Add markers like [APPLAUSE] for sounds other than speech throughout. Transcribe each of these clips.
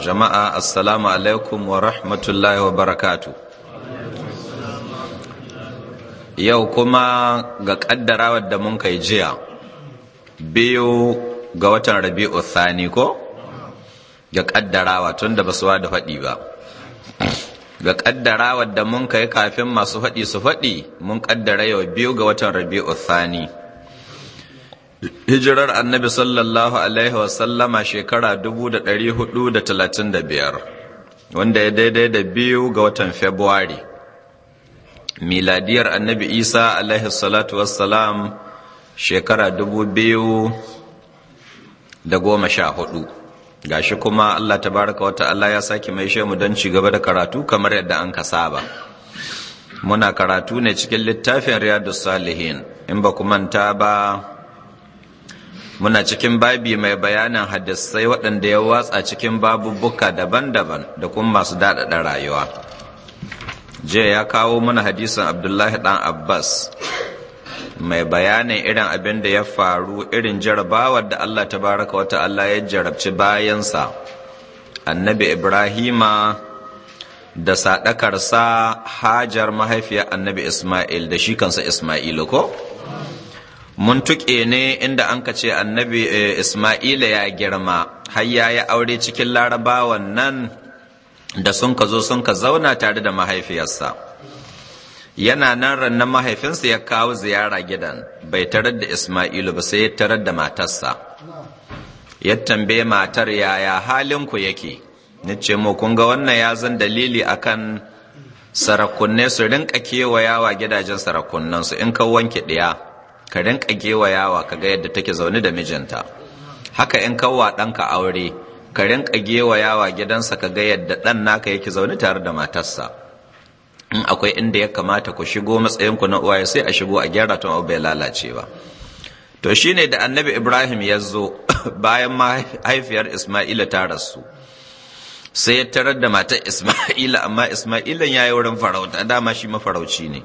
Jama'a assalamu alaikum wa rahmatullahi wa barakatu. Yau kuma ga ƙaddarawar da mun kai jiya biyu ga watan Rabi'u Thani ko? Ga wa tun da basu da faɗi ba. Ga ƙaddarawar da mun kai kafin masu faɗi su faɗi mun ƙaddara yau biyu ga watan Rabi'u Thani. hijirar annabi sallallahu alaihi wasallama shekara 435 wanda ya daidai da biyu ga watan februari miladiyar annabi isa alaihi salatu wassalam shekara 2014 gashi kuma allah tabaraka wata allah ya sake mai shemu don ci gaba da karatu kamar yadda an ka saba muna karatu ne cikin littafin riyadu salihin in ba ku manta ba muna cikin babi mai bayanin hadisai waɗanda ya watsa cikin babu bukka daban-daban da kuma masu daɗaɗa rayuwa jiya ya kawo mana hadisin abdullahi ɗan abbas mai bayanin irin abin da ya faru irin jarabawar da allah ta baraka wata allah ya jarabci bayansa annabi ibrahima da saɗakarsa hajar mahaifiyar annabi isma'il da shi kansa isma'ilu ko? mun tuƙe ne inda an ka ce annabi eh, isma'ila ya girma har ya aure cikin larabawan nan da sun ka zo sun ka zauna tare da mahaifiyarsa yana nan rannan mahaifinsa ya kawo ziyara gidan bai tarar da isma'ilu ba sai ya tarar da matarsa ya tambaye matar yaya halinku yake ni ce mu kun ga wannan ya zan dalili akan sarakunne su rinka kewayawa gidajen sarakunnansu in ka wanke ɗiya ka rinka gewayawa ka ga yadda take zaune da mijinta haka in kawwa ɗanka aure ka rinka gewayawa gidansa ka ga yadda ɗan naka yake zaune tare da matarsa in akwai inda ya kamata ku shigo matsayinku na uwaye sai a shigo a gyara tun abu bai lalace ba to shine da annabi ibrahim ya zo [COUGHS] bayan mahaifiyar isma'ila ta rasu sai ya tarar da matar isma'ila amma isma'ilan ya yi wurin farauta dama shi mafarauci ne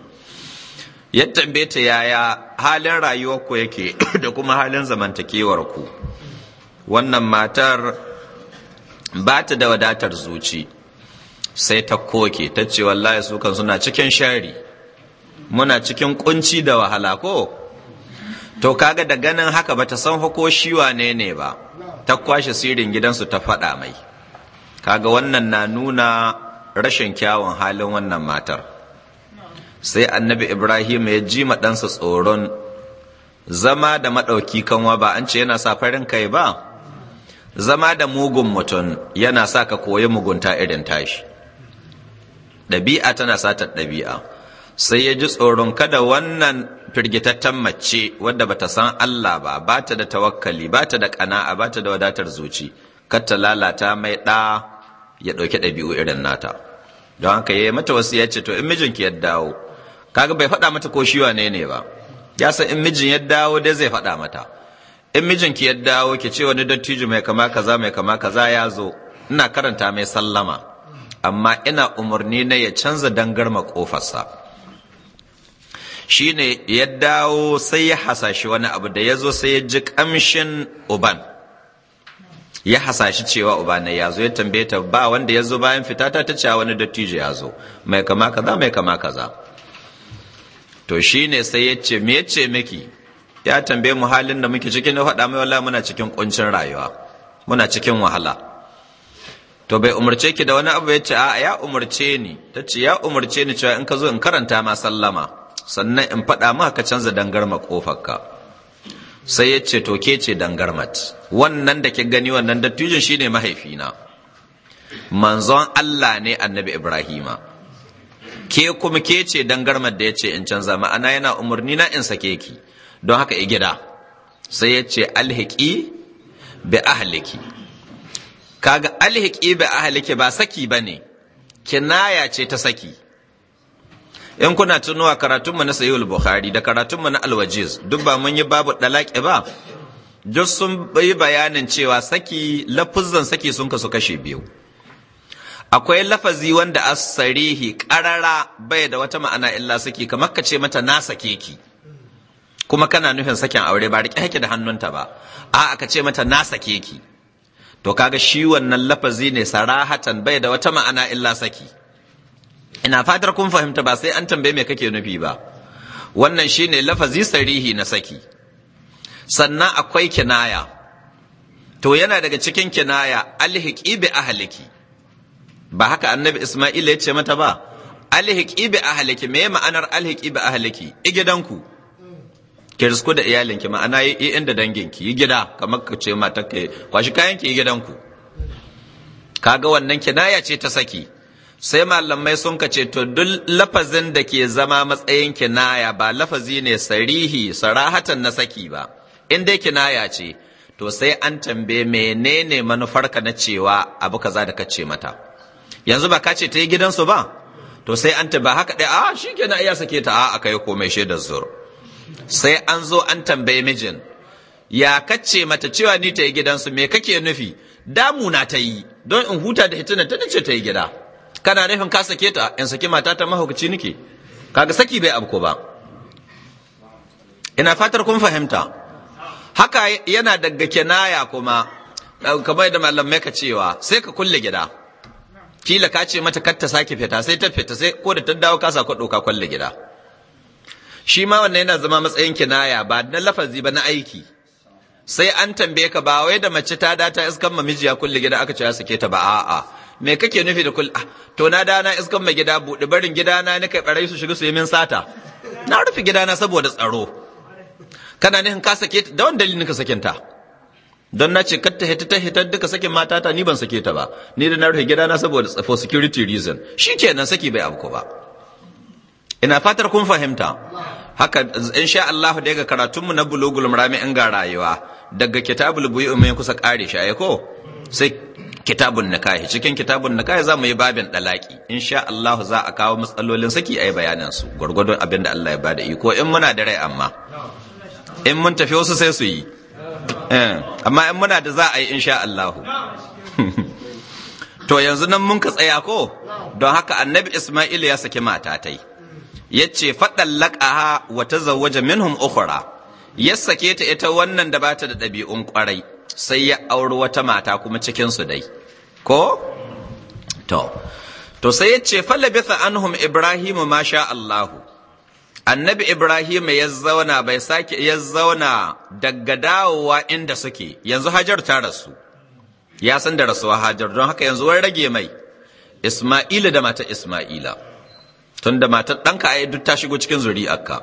ya tambaye ta yaya halin rayuwarku yake [COUGHS] da kuma halin zamantakewar ku. wannan matar ba ta da wadatar zuci sai ta koke ta ce wallahi su kan suna cikin shari muna cikin kunci da wahala ko to kaga da ganin haka ba ta san hako shiwa ne ne ba ta kwashe sirrin gidansu ta faɗa mai kaga wannan na nuna rashin kyawun halin wannan matar sai annabi ibrahim ya ji ɗansa tsoron zama da maɗauki kanwa ba an ce yana sa farin kai ba zama da mugun mutum yana sa ka koyi mugunta irin tashi ɗabi'a tana satar ɗabi'a sai ya ji tsoron kada wannan firgitattan mace wadda bata san Allah ba ba ta da tawakkali ta da ƙana'a ta da wadatar zuci ta lalata mai ɗa ya ɗauki ɗabi'u irin nata don haka ya yi mata wasu ya ce to in mijinki ya dawo kaga bai faɗa mata ko shi wane ne ba ya san in mijin ya dawo dai zai faɗa mata in mijin ki ya dawo ki ce wani dattijo mai kama kaza mai kama kaza ya zo ina karanta mai sallama amma ina umarni na ya canza dangarma kofarsa shine ya dawo sai ya hasashi wani abu da ya zo sai ya ji kamshin uban ya hasashi cewa uba ya zo ya tambaye ta ba wanda ya zo bayan fitata ta ce wani dattijo ya zo mai kama kaza mai kama kaza to shi ne sai ya ce me yace miki ya tambaye mu halin da muke cikin faɗa mai wallahi muna cikin kuncin rayuwa muna cikin wahala to bai umarce ki da wani abu ya ce a ya umarce ni ta ce ya umarce ni cewa in ka zo in karanta ma sallama sannan in faɗa ma ka canza dangarma kofarka sai ya ce to ke ce dangarmat wannan da ki gani wannan dattijin ne mahaifina manzon Allah ne annabi Ibrahima ke kuma ke ce dangarmar da ya ce in canza ma'ana yana umarni na in sake ki don haka ya gida sai ya ce alhiki bi ahliki kaga alhiki bi ahliki ba saki bane kinaya ce ta saki in kuna tunuwa karatunmu na sayyul bukhari da karatunmu na alwajiz duk ba mun yi babu dalaki ba duk sun yi bayanin cewa saki lafuzan saki sun kasu kashe biyu akwai lafazi wanda asarihi sarihi bai da wata ma'ana illa saki kamar ka ce mata na sake ki kuma kana nufin sakin aure ba riƙe haki da hannunta ba a aka ce mata na sake ki to kaga shi wannan lafazi ne sarahatan bai da wata ma'ana illa saki ina fatar kun fahimta ba sai an tambaye me kake nufi ba wannan shi ne lafazi sarihi na saki sannan akwai kinaya to yana daga cikin kinaya alhiqi bi ahliki ba haka annabi Isma'il ya ce mata ba alhiki bi ahliki me ma'anar alhiki bi ahliki i gidanku ki risku da iyalinki ma'ana yi inda danginki yi gida kamar ka ce mata ka kwashi kayan ki yi gidanku kaga wannan kinaya ce ta saki sai malamai sun ka ce to duk lafazin da ke zama matsayin kinaya ba lafazi ne sarihi sarahatan na saki ba in dai kinaya ce to sai an tambaye menene manufarka na cewa abu kaza da kace mata yanzu ba ka ce ta yi gidansu ba to sai an ta ba haka ɗaya a ah, shi na iya sake ta a kai yi komai shaidar zur sai an zo an tambaye mijin ya kace mata cewa ni ta yi gidansu me kake nufi damuna ta yi don in huta da hituna ta dace ta yi gida kana nufin ka sake ta in saki mata ta mahaukaci nike kaga saki bai ko ba ina fatar kun fahimta haka yana daga kenaya kuma kamar da malamai ka cewa sai ka kulle gida kila ka ce mata kar ta sake fita sai ta fita sai ko da ta dawo ka sako doka kwalle gida shi ma wannan yana zama matsayin kinaya ba na lafazi ba na aiki sai an tambaye ka ba wai da mace ta da ta iskan mamijiya kulle gida aka ce ya sake ta ba a'a me kake nufi da kulle ah, to na da na iskan ma gida buɗe barin gida na ni kai barai su shiga su yi min sata na rufe gida na saboda tsaro kana nihin ka sake ta da wani dalilin ka ta. don na ce katta hita ta duka sakin mata ta ni ban sake ta ba ni da na rufe gida na saboda for security reason shi kenan saki bai abu ba ina fatar kun fahimta haka insha Allah daga karatunmu na bulugul murami in ga rayuwa daga kitabul buyu mai kusa kare shi ko sai kitabun nikahi cikin kitabun nikahi za mu yi babin dalaki insha Allah za a kawo matsalolin saki ayi bayanan su gurgurdon abin da Allah ya bada iko in muna da rai amma in mun tafi wasu sai su yi Eh, amma in muna da za a yi insha Allahu [LAUGHS] to yanzu nan mun ka tsaya ko don haka annabi Isma'il ya saki matatai Ya ce faɗan laƙaha wa zawaje minhum ukhra ya sake ta ita wannan da bata da ɗabi'un ƙwarai, sai ya auri wata mata kuma cikin su dai ko to to sai yace falabitha anhum ibrahimu ma sha Allahu annabi ibrahim ya zauna bai sake ya zauna daga dawowa inda suke yanzu hajar ta rasu ya san da rasuwa hajar don haka yanzu wani rage mai isma'ila da mata isma'ila tun da matar ɗanka a duk ta shigo cikin zuri zuri'arka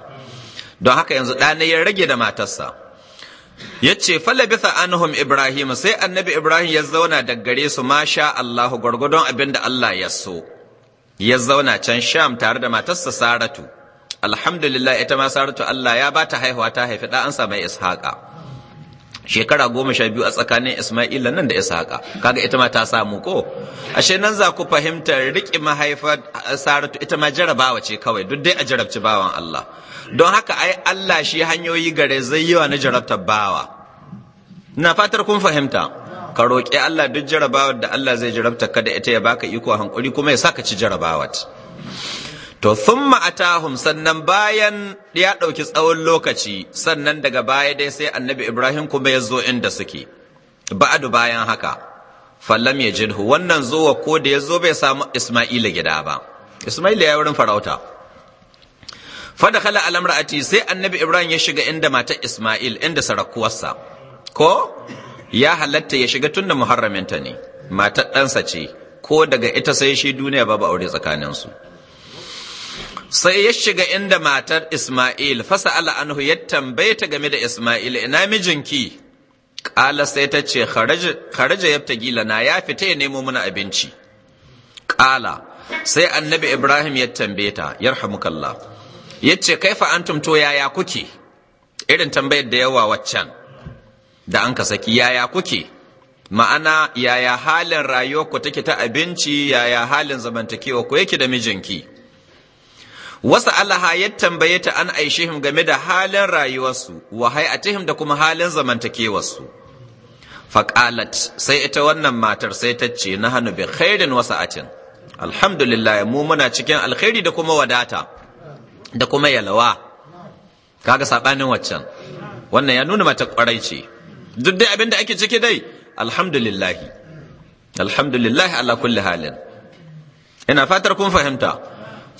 don haka yanzu ɗana ya rage da matarsa ya ce bisa anhum ibrahim sai annabi ibrahim ya zauna da gare su sha allahu gwargwadon abin da allah ya so ya zauna can sham tare da matarsa saratu alhamdulillah ita ma saratu Allah ya bata haihuwa ta haifi da an mai ishaqa shekara goma sha biyu a tsakanin isma'ila nan da ishaqa kaga ita ma ta samu ko ashe nan za ku fahimta riƙe mahaifar saratu ita ma jarabawa ce kawai duk dai a jarabci bawan Allah don haka ai Allah shi hanyoyi gare zai yiwa na jarabtar bawa na fatar kun fahimta ka roƙi Allah duk jarabawar da Allah zai jarabtar ka da ita ya baka iko hankuri kuma ya saka ci jarabawar to thumma atahum sannan bayan ya ɗauki tsawon lokaci sannan daga baya dai sai annabi ibrahim kuma ya zo inda suke ba'adu bayan haka fallam ya jidhu wannan zuwa ko da ya zo bai samu isma'ila gida ba isma'ila ya wurin farauta fada kala alamra'ati sai annabi ibrahim ya shiga inda matar isma'il inda sarakuwarsa ko ya halatta ya shiga tunda ta ne matar ɗansa ce ko daga ita sai shi duniya babu aure tsakanin su? sai ya shiga inda matar Ismail fasa anhu ya tambaye ta game da Ismail ina mijinki ƙala sai ta ce kharaja gila na, ya fita ya nemo mana abinci ƙala sai annabi Ibrahim ya tambaye ta yarhamukallah yace kaifa antum to yaya kuke irin tambayar da yawa waccan da an ka saki yaya kuke ma'ana yaya halin rayuwarku take ta abinci yaya halin zamantakewa ku yake da mijinki wasu alaha ya tambaye ta an aishihim game da halin rayuwarsu wa hay'atihim da kuma halin zamantakewarsu faƙalat sai ita wannan matar sai ta ce na hannu bi khairin wasa'atin alhamdulillah mu muna cikin alkhairi da kuma wadata da kuma yalawa kaga sabanin waccan wannan ya nuna mata kwarai ce duk dai abin da ake ciki dai alhamdulillah alhamdulillah ala kulli halin ina fatar kun fahimta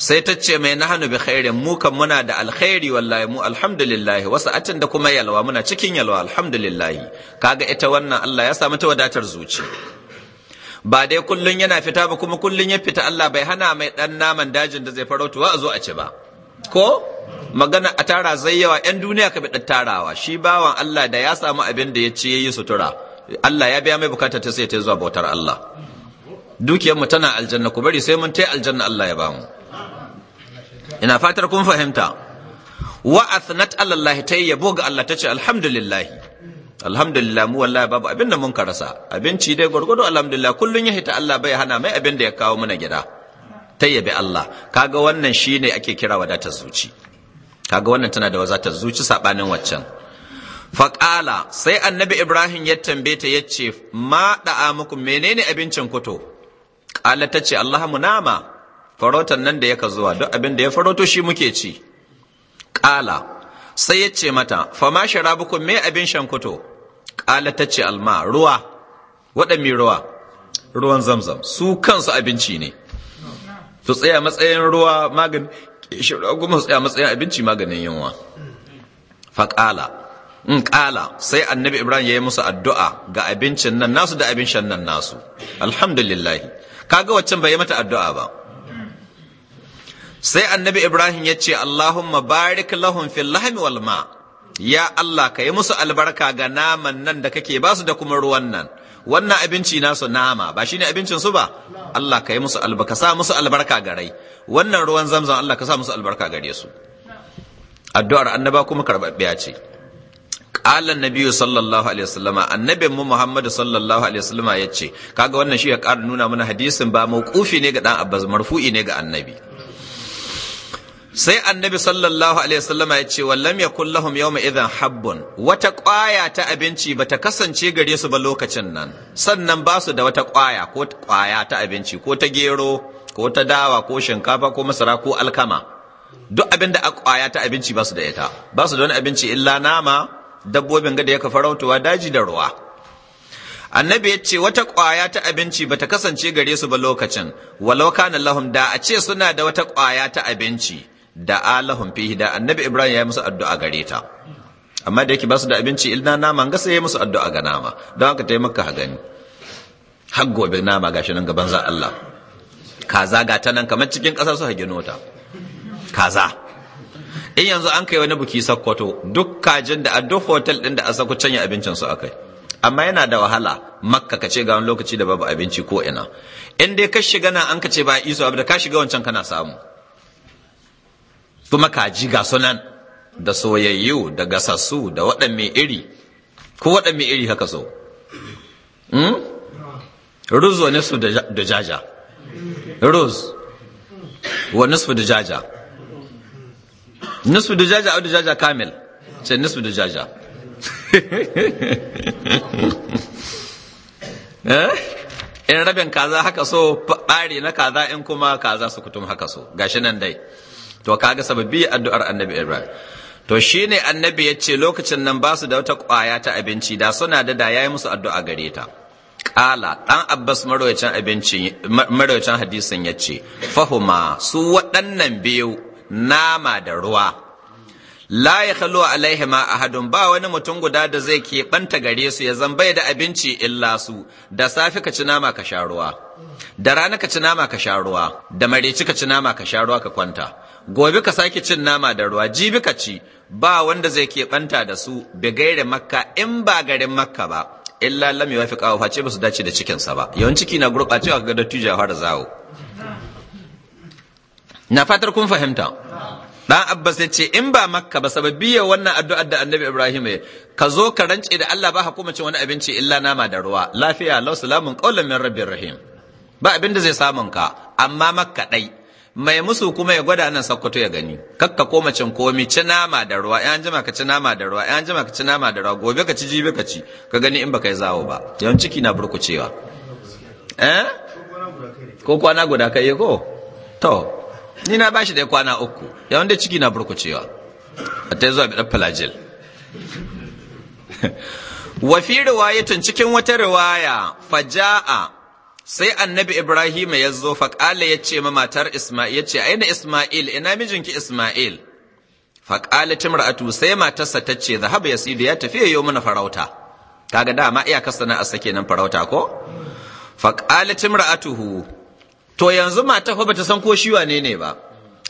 sai ta ce mai nahanu bi khairin mu kan muna da alkhairi wallahi mu alhamdulillah wasu atin da kuma yalwa muna cikin yalwa alhamdulillah kaga ita wannan Allah ya samu ta wadatar zuci ba dai kullun yana fita ba kuma kullun ya fita Allah bai hana mai dan naman dajin da zai farautuwa a zo a ci ba ko magana a tara zai yawa yan duniya ka bi tarawa shi bawan Allah da ya samu abin da ya ci yayi sutura Allah ya biya mai bukata ta sai ta zuwa bautar Allah dukiyar mu tana aljanna ku bari sai mun tai aljanna Allah ya bamu ina fatar kun fahimta wa athnat alallahi ta yabo ga Allah ta ce alhamdulillah alhamdulillah mu wallahi babu abin da mun karasa abinci dai gwargwado alhamdulillah kullun ya hita Allah bai hana mai abin da ya kawo mana gida ta Allah kaga wannan shine ake kira wadatar zuci kaga wannan tana da wadatar zuci sabanin waccan faƙala sai annabi ibrahim ya tambaye ta yace ma da'a muku menene abincin kuto ƙala tace ce Allah mu nama farautar nan da yaka zuwa duk abin da ya farauto shi muke ci ƙala sai ya ce mata fama sharabukun me abin shankuto ƙala ta ce alma ruwa waɗanne ruwa ruwan zamzam su kansu abinci ne su tsaya matsayin ruwa magani kuma su tsaya matsayin abinci maganin yunwa Fa ƙala. in ƙala sai annabi ibrahim ya yi musu addu'a ga abincin nan nasu da abin shan nan nasu alhamdulillahi kaga waccan bai yi mata addu'a ba sai annabi ibrahim ya ce allahumma barik lahum fil lahmi wal ma ya allah ka yi musu albarka ga naman nan da kake basu da kuma ruwan nan wannan abinci nasu nama ba shine abincin su ba Allah ka yi musu albarka sa musu albarka garai wannan ruwan zamzam Allah ka sa musu albarka gare su addu'ar annaba kuma karbabbiya ce qala annabiyyu sallallahu alaihi wasallama annabin mu muhammadu sallallahu alaihi wasallama yace kaga wannan shi ya ƙara nuna mana hadisin ba mauqufi ne ga dan abbas marfu'i ne ga annabi sai annabi sallallahu alaihi wasallama ya ce wallam yakul lahum yawma idhan habbun wata ƙwaya ta abinci bata kasance gare su ba lokacin nan sannan ba su da wata ƙwaya ko ƙwaya ta abinci ko ta gero ko ta dawa ko shinkafa ko masara ko alkama duk abin da ƙwaya ta abinci ba su da ita ba su da wani abinci illa nama dabbobin ga da ya farautuwa daji da ruwa annabi ya ce wata ƙwaya ta abinci bata kasance gare su ba lokacin walau kana lahum da a ce suna da wata ƙwaya ta abinci da alahum fihi da annabi ibrahim ya yi musu addu'a gare ta amma da yake ba su da abinci ilna nama ga sai ya musu addu'a ga nama don haka ta yi maka gani har nama, nama shi nan gaban za Allah kaza ga ta nan kamar cikin ƙasa su hagino ta kaza in yanzu an kai wani buki sakkwato duk kajin da duk hotel ɗin da a sako canya abincin su akai amma yana da wahala makka ka ce ga wani lokaci da babu abinci ko ina in dai ka shiga nan an ka ce ba iso abu da ka shiga wancan kana samu kuma kaji ga sunan da soyayyu da gasassu da waɗanne iri ko waɗanne iri haka so hmm? ruz wa nisfu da jaja ruz wa nisfu da jaja nisfu da jaja da jaja kamil ce nisfu da jaja [LAUGHS] eh? in rabin kaza haka so ɓari na kaza in kuma kaza su kutum haka so gashi nan dai to kaga sababbi addu'ar annabi ibrahim to shine annabi ya ce lokacin nan ba su da wata kwaya ta abinci da suna da da yayi musu addu'a gare ta kala dan abbas marwayacin abinci marwayacin hadisin ya ce fahuma su waɗannan biyu nama da ruwa la ya khalu alaihi ma ahadun ba wani mutum guda da zai keɓanta gare su ya zambai da abinci illa su da safi ka ci nama ka sha ruwa da rana ka ci nama ka sha ruwa da mareci ka ci nama ka sha ruwa ka kwanta gobe ka sake cin nama da ruwa ji bi ka ci ba wanda zai ke banta da su bi gaire makka in ba garin makka ba illa lam yafi kawo face ba su dace da cikinsa ba yawan ciki na gurɓacewa ga dattijo ya fara zawo na fatar kun fahimta dan abbas ya ce in ba makka ba sababi ya wannan addu'ar da annabi ibrahim ya ka zo ka rance da allah ba kuma cin wani abinci illa nama da ruwa lafiya lau salamun qaulan min rabbir rahim ba abin zai samun ka amma makka ɗai. mai musu kuma ya gwada nan sakkwato ya gani kakka ko macin komi ci nama da ruwa yan jima ka ci nama da ruwa yan jima ka ci nama da ruwa gobe ka ci jibi ka ci ka gani in baka yi zawo ba yawan ciki na burkucewa eh ko kwana guda kai ko to ni na bashi da kwana uku yawan da ciki na burkucewa a ta zuwa bi dan falajil [LAUGHS] wa fi riwayatun cikin wata riwaya faja'a sai annabi Ibrahim ya zo faƙala ya ce ma matar Isma'il ya ce aina Isma'il ina mijinki Isma'il faƙala tu. sai matarsa ta ce zahaba yasidu ya tafi wa mana farauta ga dama iya kasana a sake nan farauta ko faƙala timra'atuhu to yanzu mata fa bata san ko shi wane ne ba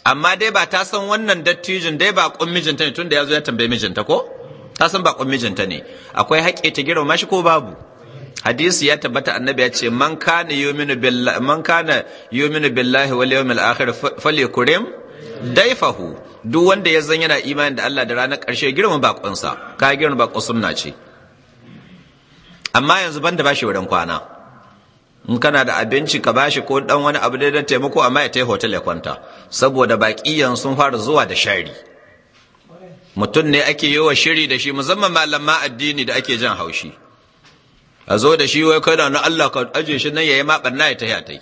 amma dai ba ta san wannan dattijin dai ba ƙun mijinta ne tunda ya zo ya tambaye mijinta ko ta san ba ƙun mijinta ne akwai haƙƙi ta girma shi ko babu hadisi ya tabbata annabi ya ce man kana yuminu billahi man kana yuminu billahi wal yawmil akhir falyakrim daifahu duk wanda ya zan yana imani da Allah da ranar ƙarshe girman bakonsa ka girman bakon sunna ce amma yanzu banda bashi wurin kwana in kana da abinci ka bashi ko dan wani abu da dan taimako amma ya tai hotel ya kwanta saboda baƙiyan sun fara zuwa da shari mutum ne ake yi wa shiri da shi musamman malaman addini da ake jan haushi a zo da shi wai kai na Allah ka aje shi nan yayi ma barna ya tahi tai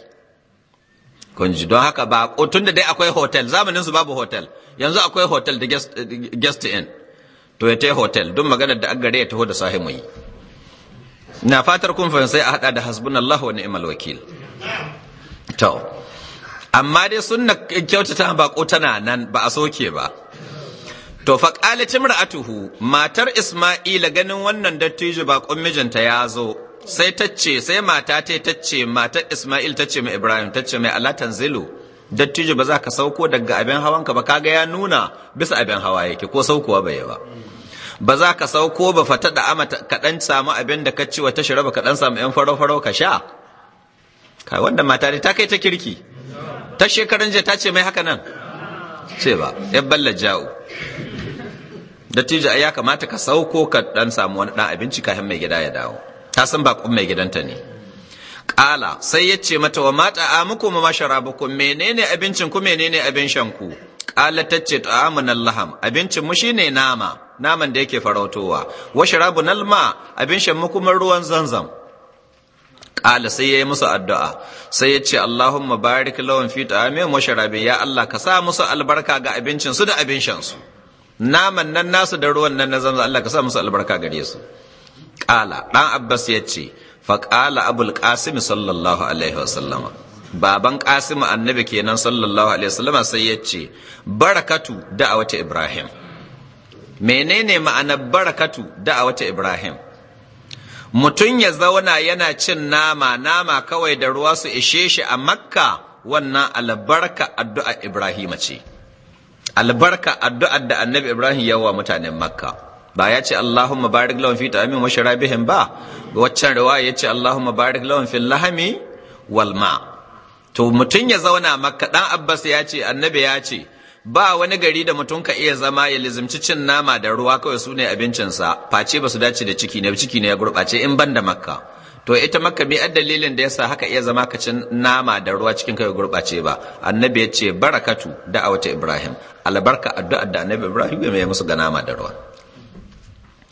kun ji don haka ba tun da dai akwai hotel zamanin su babu hotel yanzu akwai hotel da guest in to ya tai hotel duk maganar da agare ya taho da sahimu yi na fatar kun fahimta a hada da hasbunallahu wa ni'mal wakil to amma dai sunna kyautata ba ko tana nan ba a soke ba to fa qalat imra'atuhu matar isma'ila ganin wannan dattijo baƙon mijinta ya zo sai tace sai mata ta tace matar isma'il tace mai ibrahim tace mai Allah tanzilu dattijo ba za ka sauko daga abin hawanka ba kaga ya nuna bisa abin hawa yake ko saukowa bai ba ba za ka sauko ba fata da ama kaɗan samu abin da ka ci wata shiraba kaɗan samu yan faro farau-farau ka sha kai wanda mata ne ta kai ta kirki ta shekaran jiya ta ce mai haka nan ce ba ‘yan ballar jawo dattijo ya kamata ka sauko ka dan samu wani dan abinci kafin mai gida ya dawo ta san bakon mai gidanta ne Ƙala sai ya ce mata wa mata muku ma sharabukum menene abincin ku menene abin shan ku Ƙala ta ce amun allaham abincin mu shine nama naman da yake farautowa wa sharabun alma abin shan mu kuma ruwan zanzam Ƙala sai ya yi musu addu'a sai ya ce Allahumma barik lahum fi ta'amin wa sharabi ya Allah ka sa musu albarka ga abincin su da abin shan su naman nan nasu da ruwan nan na zanzan Allah ka sa musu albarka gare su ƙala ɗan abbas ya ce fa faƙala abul qasim sallallahu alaihi wasallama baban qasim annabi kenan sallallahu alaihi wasallama sai ya ce barakatu da'awati ibrahim menene ma'anar barakatu wata ibrahim mutum ya zauna yana cin nama nama kawai da ruwa su ishe shi a makka wannan albarka addu'a ibrahima ce albarka addu'ar da annabi ibrahim ya wa mutanen makka ba ya ce allahumma barik lahum fi ta'amin wa sharabihim ba waccan riwaya ya ce allahumma barik lahum fil lahami wal ma to mutum ya zauna makka dan abbas ya ce annabi ya ce ba wani gari da mutum ka iya zama ya lizimci cin nama da ruwa kawai sune ne abincinsa face ba su dace da ciki ne ciki ne ya gurbace in ban da makka to ita maka me dalilin da yasa haka iya zama kacin nama da ruwa cikin kai gurbace ba annabi ya ce barakatu da'awata ibrahim albarka addu'a da annabi ibrahim ya mai musu ga nama da ruwa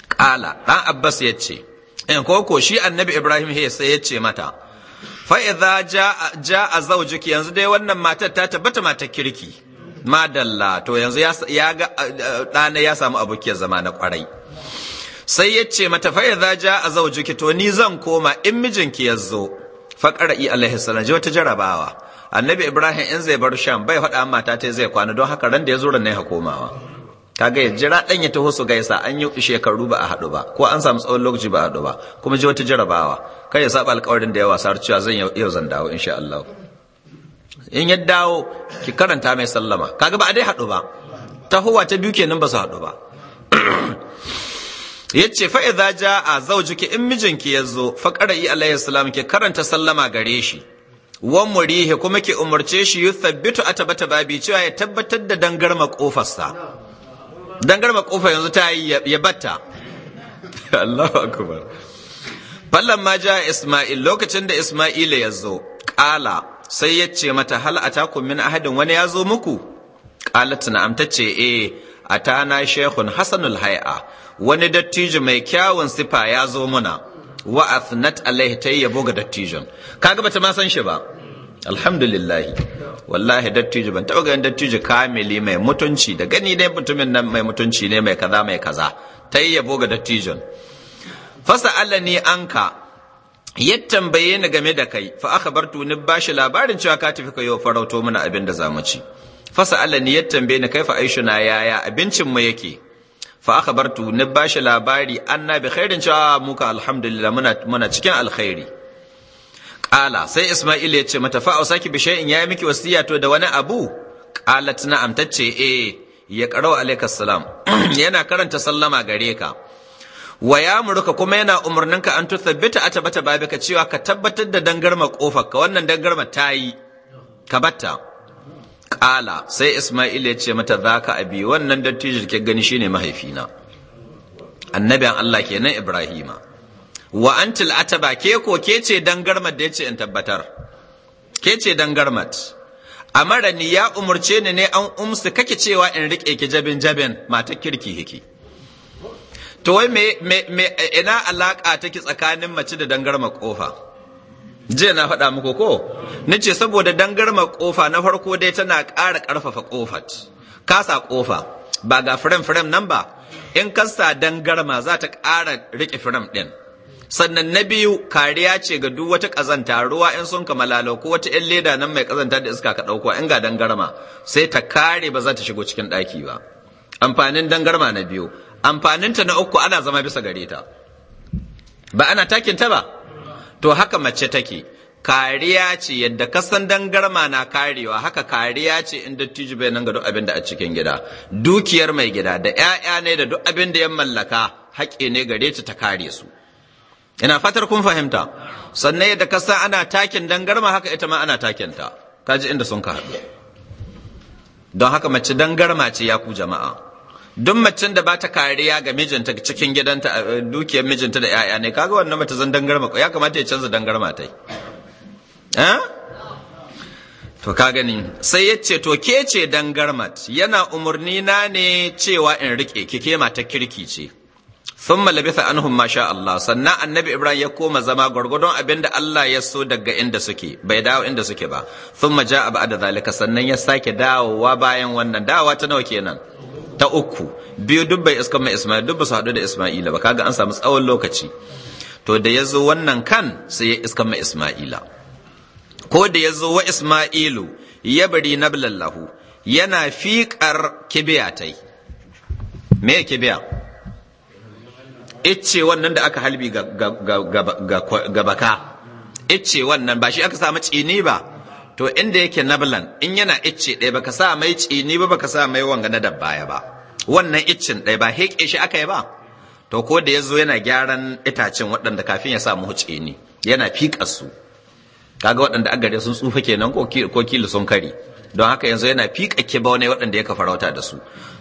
qala dan abbas ya ce in ko shi annabi ibrahim he sai ya ce mata fa idza jaa zawjuki yanzu dai wannan matar ta tabbata matar kirki madalla to yanzu ya ga ɗana ya samu abokiyar zama na kwarai sai ya ce mata fa a zauji ki to ni zan koma in mijinki ya zo fa qara'i alaihi salam ji wata jarabawa annabi ibrahim in zai bar sham bai faɗa mata ta zai kwana don haka ran da ya zo ran ne ha komawa kaga ya jira dan ya taho su gaisa an yi shekaru ba a haɗu ba ko an samu tsawon lokaci ba a haɗu ba kuma ji wata jarabawa kai ya saba alƙawarin da yawa sar cewa zan yau zan dawo insha Allah in ya dawo ki karanta mai sallama kaga ba a dai haɗu ba tahowa ta biyu kenan ba su haɗu ba [CLEARS THROAT] yace fa idza jaa zawjuki in mijinki yazo fa qara'i alayhi salam ki karanta sallama gare shi wa murihi kuma ke umarce shi yuthabbitu atabata babi cewa ya tabbatar da dangar makofarsa dangar makofar yanzu ta yi ya batta [LAUGHS] Allahu akbar fallan ma ja Isma'il lokacin da Isma'ila ya zo ƙala sai yace mata hal atakum min ahadin wani ya zo muku qalat na'am tace eh atana shaykhun hasanul hay'a wani dattijo mai kyawun sifa ya zo muna wa afnat alaihi ta yabo ga dattijon kaga bata ma san shi ba alhamdulillahi wallahi dattijo ban taɓa ganin dattijo kamili mai mutunci da gani dai mutumin nan mai mutunci ne mai kaza mai kaza ta yi yabo ga dattijon fasa alani anka ya tambaye ni game da kai fa aka bar tuni ba shi labarin cewa ka tafi ka yau farauto mana abinda da zamu ci fasa alani ya tambaye ni kai fa na yaya abincin mu yake fa aka akhbartu na bashi labari anna bi khairin cewa muka alhamdulillah muna cikin alkhairi ƙala sai isma'il ya ce mata fa saki bi shay'in yayi miki wasiya to da wani abu qalat na'am tace eh ya qarau alayka salam [CLEARS THROAT] yana karanta sallama gare ka wa ya muruka kuma yana umarnin ka an tuthabbita a tabata babika cewa ka tabbatar da dangar ma kofa ka wannan dangarma ta yi ka batta kala sai isma'il ya ce mata za zaka abi wannan dattijo ke gani shine mahaifina annabin Allah kenan ibrahima wa antil ataba ke ko ke ce dangarmat da ya ce in tabbatar ke ce garmat amara ni ya umarce ni ne an umsu kake cewa in rike ki jabin jabin mata kirki hiki to wai me me ina alaka take tsakanin mace da dangarma kofa jiya na faɗa muku ko nace saboda dangarma kofa na farko dai tana ƙara ƙarfafa kofat kasa ƙofa ba ga firam-firam nan ba in kasa dangarma za ta ƙara riƙe firam ɗin sannan na biyu kariya ce ga duk wata ƙazanta ruwa in sun kamalalo ko wata 'yan leda nan mai ƙazanta da iska ka ɗauko in ga dangarma sai ta kare ba za ta shigo cikin ɗaki ba amfanin dangarma na biyu amfaninta na uku ana zama bisa gare ta ba ana takinta ba to haka mace take kariya ce yadda kasan dangarma na karewa haka kariya ce in dattijo bai nan ga duk abin da a cikin gida dukiyar mai gida da 'ya'ya ne da duk abin da ya mallaka haƙƙi ne gare ta ta kare su ina fatar kun fahimta sannan yadda kasa ana takin dangarma haka ita ma ana takin ta kaji inda sun ka haɗu don haka mace dangarma ce ya ku jama'a duk macen da ba ta kariya ga mijinta cikin gidanta a dukiyar mijinta da 'ya'ya ne kaga wannan mata zan dangarma ya kamata ya canza dangarma ta yi to ka gani sai ya ce to ke ce dangarmat yana umarni na ne cewa in rike kike mata kirki ce sun malabisa anhum masha Allah sannan annabi Ibrahim ya koma zama gwargwadon abin da Allah ya so daga inda suke bai dawo inda suke ba sun maja abu da zalika sannan ya sake dawowa bayan wannan dawa ta nawa kenan ta uku biyu duk bai mai Isma'il duk ba su haɗu da Isma'ila ba kaga an samu tsawon lokaci to da ya zo wannan kan sai ya iska mai Isma'ila ko da ya zo wa Isma'ilu ya bari na bilallahu yana fiƙar kibiyatai me ya kibiya ice wannan da aka halbi ga baka ice wannan ba shi aka samu tsini ba to inda yake nablan in yana icce ɗaya baka sa mai tsini ba baka sa mai wanga na dabbaya ba wannan iccin ɗaya ba heƙe shi aka yi ba to ko da ya zo yana gyaran itacen waɗanda kafin ya samu tsini yana fiƙa su kaga waɗanda agare sun tsufa kenan ko kilo sun kari don haka yanzu yana fiƙa kibau ne waɗanda ya kafarauta da su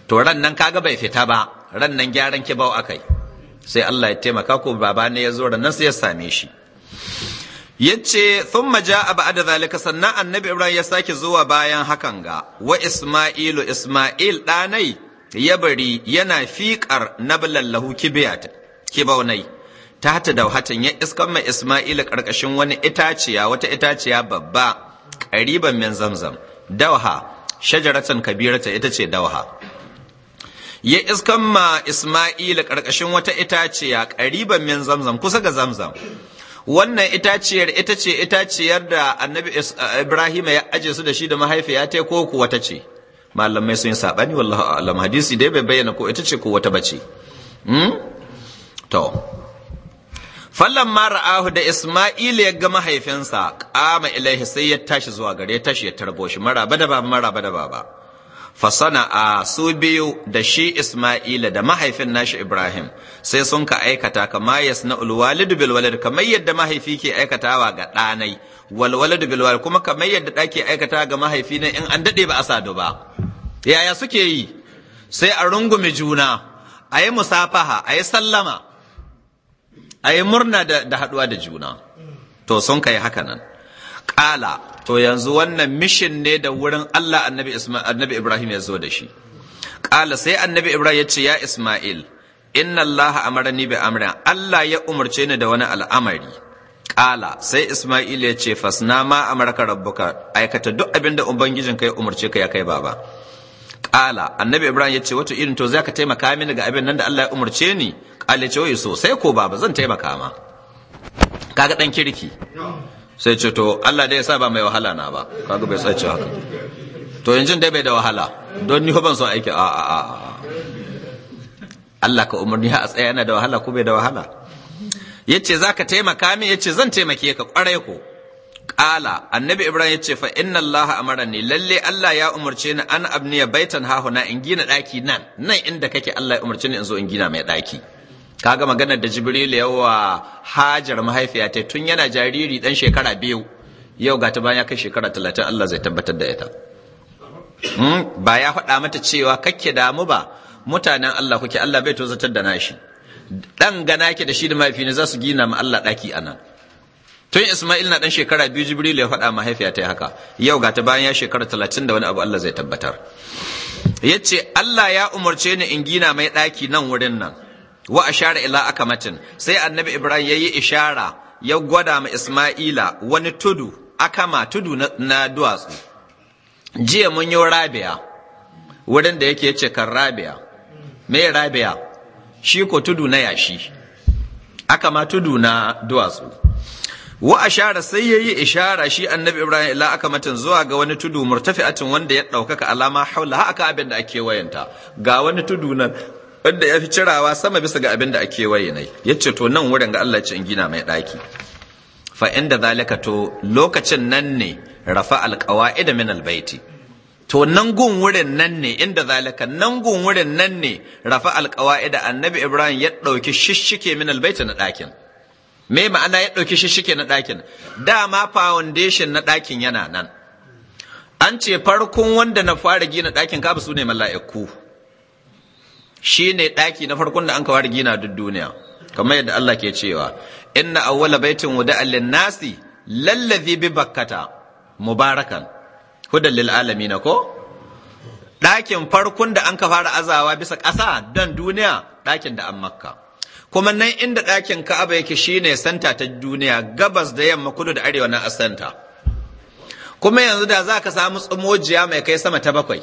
to ran nan kaga bai fita ba ran nan gyaran kibau akai sai Allah ya taimaka ko baba ne ya zo ran nan sai ya same shi yace thumma jaa ba'da zalika sannan annabi ibrahim ya sake zuwa bayan hakan ga wa isma'ilu isma'il ɗanai ya bari yana fiƙar na lallahu kibiyat kibaunai ta hata da hatan ya iskan mai isma'ila ƙarƙashin wani itaciya wata itaciya babba ƙariban min zamzam dawha shajaratan kabirata ita ce dawha ya iskan ma isma'ila ƙarƙashin wata itaciya ƙariban min zamzam kusa ga zamzam wannan itaciyar ita ce itaciyar da annabi ibrahim ya aje su da shi da mahaifiya ta ko kuwa ta ce malamai sun yi saɓani wallahi alam hadisi dai bai bayyana ko ita ce ko wata bace hmm? to fallan ma ra'ahu da isma'il ya ga mahaifinsa kama ilaihi sai ya tashi zuwa gare tashi ya tarbo shi maraba da ba maraba da ba fasana a su biyu da shi Ismaila da mahaifin nashi Ibrahim sai sun ka aikata kama na walidu bil walid kamar yadda mahaifi ke aikatawa ga ɗanai wal walidu bil walid kuma kamar yadda ɗa aikata ga mahaifi ne in an daɗe ba a sadu ba yaya suke yi sai a rungume juna ayi musafaha ayi sallama a murna da haɗuwa da juna to sun kai haka nan ƙala to yanzu wannan mishin ne da wurin Allah annabi annabi Ibrahim ya zo da shi ƙala sai annabi Ibrahim ya ce ya Isma'il inna Allah amarani bi amrin Allah ya umarce ni da wani al'amari ƙala sai Isma'il ya ce fasna ma amarka rabbuka aikata duk abin da ubangijin kai umarce ka ya kai baba ƙala annabi Ibrahim ya ce wato irin to zaka taimaka mini ga abin nan da Allah ya umarce ni ƙala ya ce wai so sai ko baba zan taimaka ma Ka ga ɗan kirki sai ce to Allah dai ya sa ba mai wahala na ba kaga bai sace haka to yanzu dai bai da wahala don ni ban so aiki a a a Allah ka umarni a tsaya yana da wahala ko bai da wahala yace zaka taimaka min yace zan taimake ka kwarai ko Ƙala, annabi ibrahim yace fa inna allaha amarani lalle allah ya umarce ni an abniya baitan hahuna in gina daki nan nan inda kake allah ya umarce ni in zo in gina mai daki kaga maganar da jibril yawa hajar mahaifiya ta tun yana jariri dan shekara biyu yau ga ta bayan ya kai shekara talatin Allah zai tabbatar da ita hmm? ba ya faɗa mata cewa kake damu ba mutanen Allah kuke Allah bai tozatar da nashi dan gana ke da shi da mahaifi ne za su gina ma Allah ɗaki anan tun Isma'il na dan shekara biyu Jibril ya faɗa mahaifiya ta haka yau ga ta bayan ya shekara talatin da wani abu Allah zai tabbatar yace Allah ya umarce ni in gina mai ɗaki nan wurin nan wa ashara ila akamatin sai annabi ibrahim yayi ishara ya gwada ma isma'ila wani tudu akama tudu na, na duwatsu jiya mun yi rabiya wurin da yake yace kan rabiya me rabiya shi ko tudu na yashi akama tudu na duwatsu wa ashara sai yayi ishara shi annabi ibrahim ila akamatin zuwa ga wani tudu murtafi'atin wanda ya ɗaukaka alama haula haka abin da ake wayanta ga wani tudu nan wanda ya fi cirawa sama bisa ga abin da ake waye nai ya ce to nan wurin ga Allah ce in gina mai ɗaki fa inda zalika to lokacin nan ne rafa alqawaida min albaiti to nan gun wurin nan ne inda zalika nan gun wurin nan ne rafa alqawaida annabi ibrahim ya dauki shishike min albaiti na ɗakin me ma'ana ya dauki shishike na ɗakin dama foundation na ɗakin yana nan an ce farkon wanda na fara gina ɗakin kafa su ne mala'iku shi ne ɗaki na farkon da an kawar gina duk duniya kamar yadda Allah ke cewa inna awwala baitin wuda allin nasi lallazi bi bakkata mubarakan hudan lil na ko ɗakin farkon da an ka fara azawa bisa ƙasa don duniya ɗakin da an makka kuma nan inda ɗakin ka'aba yake shine santa ta duniya gabas da yamma kudu da arewa na asanta kuma yanzu da za ka samu tsumojiya mai kai sama ta bakwai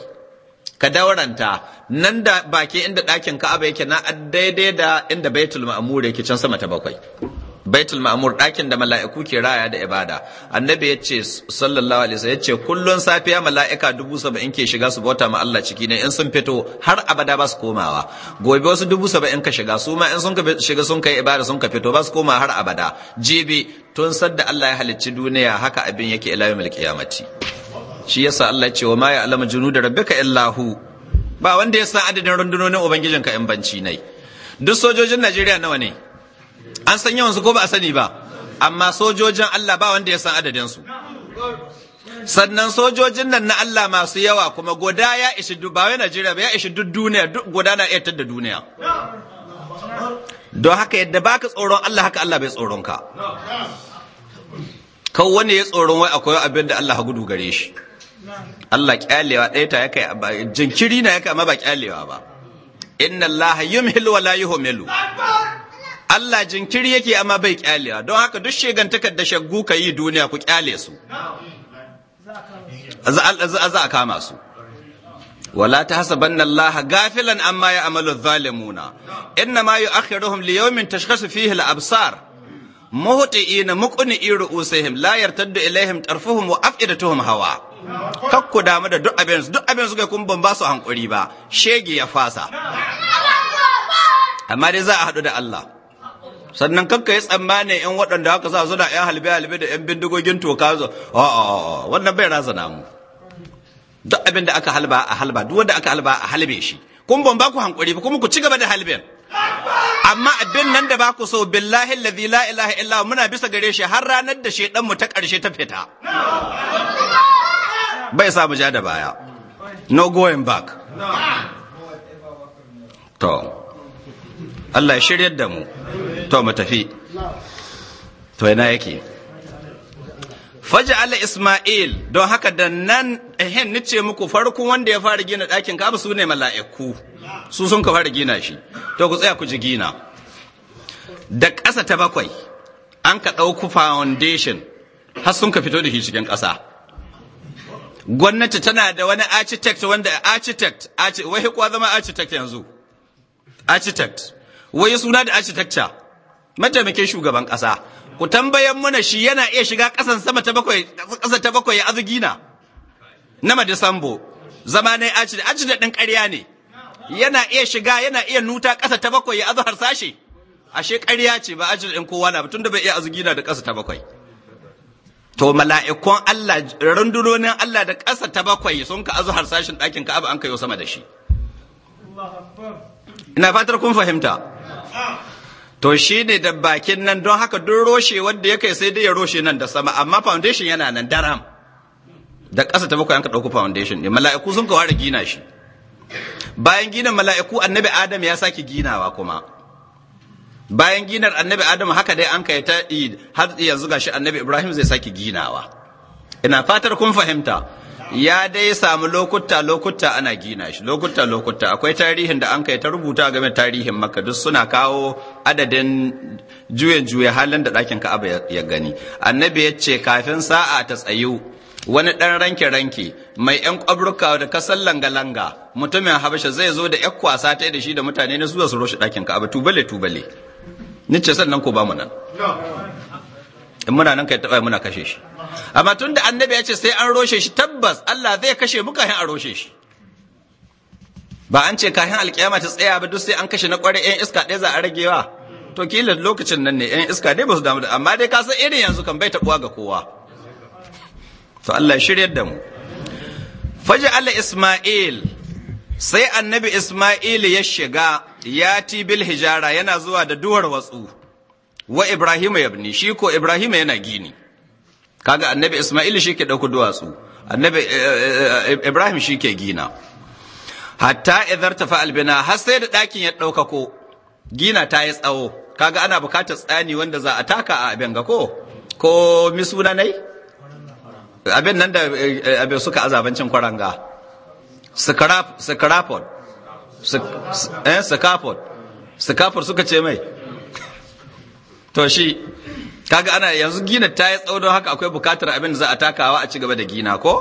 ka dauranta nan da baki inda ɗakin ka'aba yake na daidai da inda baitul ma'mur yake can sama ta bakwai baitul ma'mur ɗakin da mala'iku ke raya da ibada annabi ya ce sallallahu alaihi wasallam ya ce kullun safiya mala'ika dubu saba'in ke shiga su bauta ma Allah ciki ne in sun fito har abada ba su komawa gobe wasu dubu saba'in ka shiga su ma in sun shiga sun kai ibada sun ka fito ba su koma har abada jibi tun sadda Allah ya halicci duniya haka abin yake ila yawmil qiyamati shi yasa Allah ya ce wa ma ya alama junuda rabbika illahu ba wanda ya san adadin rundunonin ka in banci nai duk sojojin Najeriya nawa ne an san yawan su ko ba a sani ba amma sojojin Allah ba wanda ya san adadin su sannan sojojin nan na Allah masu yawa kuma goda ya ishi ba wai Najeriya ba ya ishi duk duniya duk goda na iya tadda duniya don haka yadda baka tsoron Allah haka Allah bai tsoron ka kawai wani ya tsoron wai akwai abin da Allah ha gudu gare shi Allah kyalewa ɗaya ta yake jinkiri na yake amma ba kyalewa ba inna Allah yumhil wa la yuhmilu Allah jinkiri yake amma bai kyalewa don haka duk shegantakar da shaggu ka yi duniya ku kyale su za a kama su wala ta hasabanna Allah gafilan amma ya amalu zalimuna inna ma yu'akhiruhum li yawmin tashkhasu fihi al-absar muhti'ina iru usaihim la yartaddu ilaihim tarfuhum wa af'idatuhum hawa kakku damu da duk abin duk abin ga kun ban ba su hankuri ba shege ya fasa amma dai za a hadu da Allah sannan kakka yi tsammanin yan waɗanda haka sa suna yan halbe halbe da yan bindigogin toka zo wannan bai razana mu duk abin da aka halba a halba duk wanda aka halba a halbe shi kun ban ba ku hankuri ba kuma ku ci gaba da halbin amma abin nan da ba ku so billahi la ilaha illa muna bisa gare shi har ranar da dan mu ta karshe ta fita bai sa mu ja da baya no going back to Allah ya shiryar da mu to mu tafi to ina yake faj'ala Isma'il don haka da nan ehen nice muku farkon wanda ya fara gina ɗakin Ka'aba su ne mala'iku su sun ka fara gina shi to ku tsaya ku ji gina da ƙasa ta bakwai an ka ɗauku foundation har sun ka fito da shi cikin ƙasa gwamnati tana da wani architect wanda architect wai kuwa zama architect yanzu architect wai suna da architecture mataimakin shugaban ƙasa ku tambayan mana shi yana iya shiga ƙasan sama ta bakwai ƙasa ta bakwai azgina na madisambo zama ne aci da aci da ƙarya ne yana iya shiga yana iya nuta ƙasa ta bakwai ya azhar sashi ashe ƙarya ce ba aji da ɗin kowa na ba tunda bai iya azgina da ƙasa ta bakwai to mala'ikun Allah rundunonin Allah da ƙasa ta bakwai sun ka azhar sashin ɗakin abu an kai sama da shi ina fatar kun fahimta to shi ne da bakin nan don haka duk roshe wanda ya kai sai dai ya roshe nan da sama amma foundation yana nan daram da ƙasa ta bakwai an ka ɗauko foundation ne mala'iku sun ka ware gina shi bayan gina mala'iku annabi adam ya sake ginawa kuma bayan ginar annabi adam haka dai an kai ta har yanzu gashi annabi ibrahim zai sake ginawa ina fatar kun fahimta ya dai samu lokuta lokuta ana gina shi lokuta lokuta akwai tarihin da an kai ta rubuta game tarihin maka duk suna kawo adadin juyen juye halin da ɗakin ka'aba ya gani annabi ya ce kafin sa'a ta tsayu wani ɗan ranke ranke mai yan ƙwabruka da kasar langa langa mutumin habasha zai zo da yan kwasa ta da shi da mutane na zuwa su roshe ɗakin ka'aba tubale tubale nice sannan ko ba mu nan in muna nan kai taɓa muna kashe shi amma tun da annabi ya ce sai an roshe shi tabbas Allah zai kashe mu kahin a roshe shi ba an ce kahin alkiyama ta tsaya ba duk sai an kashe na kware yan iska ɗaya za a ragewa to kila lokacin nan ne yan iska dai ba su damu da amma dai ka san irin yanzu kan bai taɓuwa ga kowa to Allah shiryar da mu faji Allah Isma'il sai annabi Isma'il ya shiga ya ti bil hijara yana zuwa da duwar watsu wa ibrahim yabni shi ko ibrahim yana gini kaga annabi isma'il shi ke dauko duwatsu annabi eh, eh, eh, ibrahim shi ke gina hatta idhar tafa albina har sai da dakin ya dauka ko gina ta yi tsawo kaga ana bukatar tsani wanda za a taka a abin ga ko ko mi suna nai abin nan da abin suka azabancin kwaranga scaraford scaraford suka ce mai to shi kaga ana yanzu gina ta yi tsawo don haka akwai bukatar abin da za a takawa a ci gaba da gina ko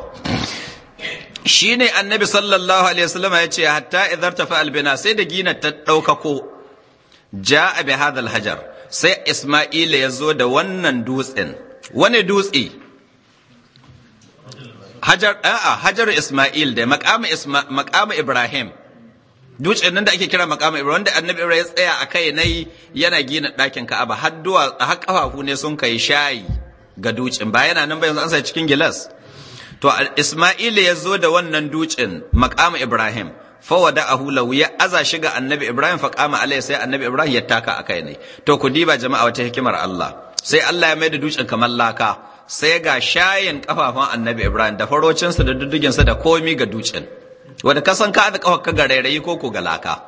shi ne annabi sallallahu alaihi wasallam ya ce hatta idhar tafi albina sai da gina ta ɗaukako. ja a bi hadal hajar sai isma'ila ya zo da wannan dutsen wani dutse hajar a'a hajar isma'il da maqama ibrahim dutse nan da ake kira makama ibrahim wanda annabi ibrahim ya tsaya a kai nayi yana gina ɗakin ka'aba har duwa har kafafu ne sun kai shayi ga dutsen ba yana nan ba yanzu an sa cikin gilas to isma'il ya zo da wannan dutsen makama ibrahim fawada a law ya aza shi ga annabi ibrahim fa faƙama alai sai annabi ibrahim ya taka a kai ne to ku diba jama'a wata hikimar allah sai allah ya mai da dutsen kamar laka sai ga shayin kafafun annabi ibrahim da farocinsa da sa da komi ga dutsen wanda ka san ka da ka ga rairayi ko ko galaka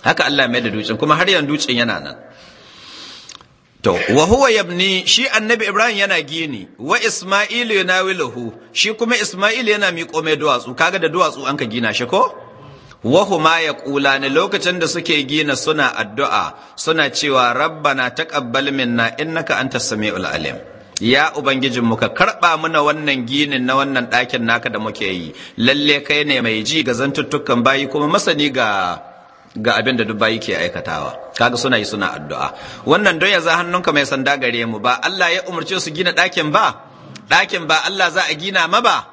haka Allah mai da dutsen kuma har yanzu dutsen yana nan to wa huwa yabni shi annabi ibrahim yana gini wa isma'ilu yanawiluhu shi kuma isma'il yana miƙo mai duwatsu kaga da duwatsu an ka gina shi ko wahuma ya ƙula ne lokacin da suke gina suna addu'a suna cewa rabbana taqabbal minna innaka antas sami'ul alim ya Ubangijin ka karɓa muna wannan ginin na wannan ɗakin naka da muke yi lalle kai ne mai ji ga zantuttukan bayi kuma masani ga ga abin da duk bayi ke aikatawa kaga suna yi suna addu'a wannan don ya za hannunka mai sanda gare mu ba Allah ya umarce su gina ɗakin ba ɗakin ba Allah za a gina ma ba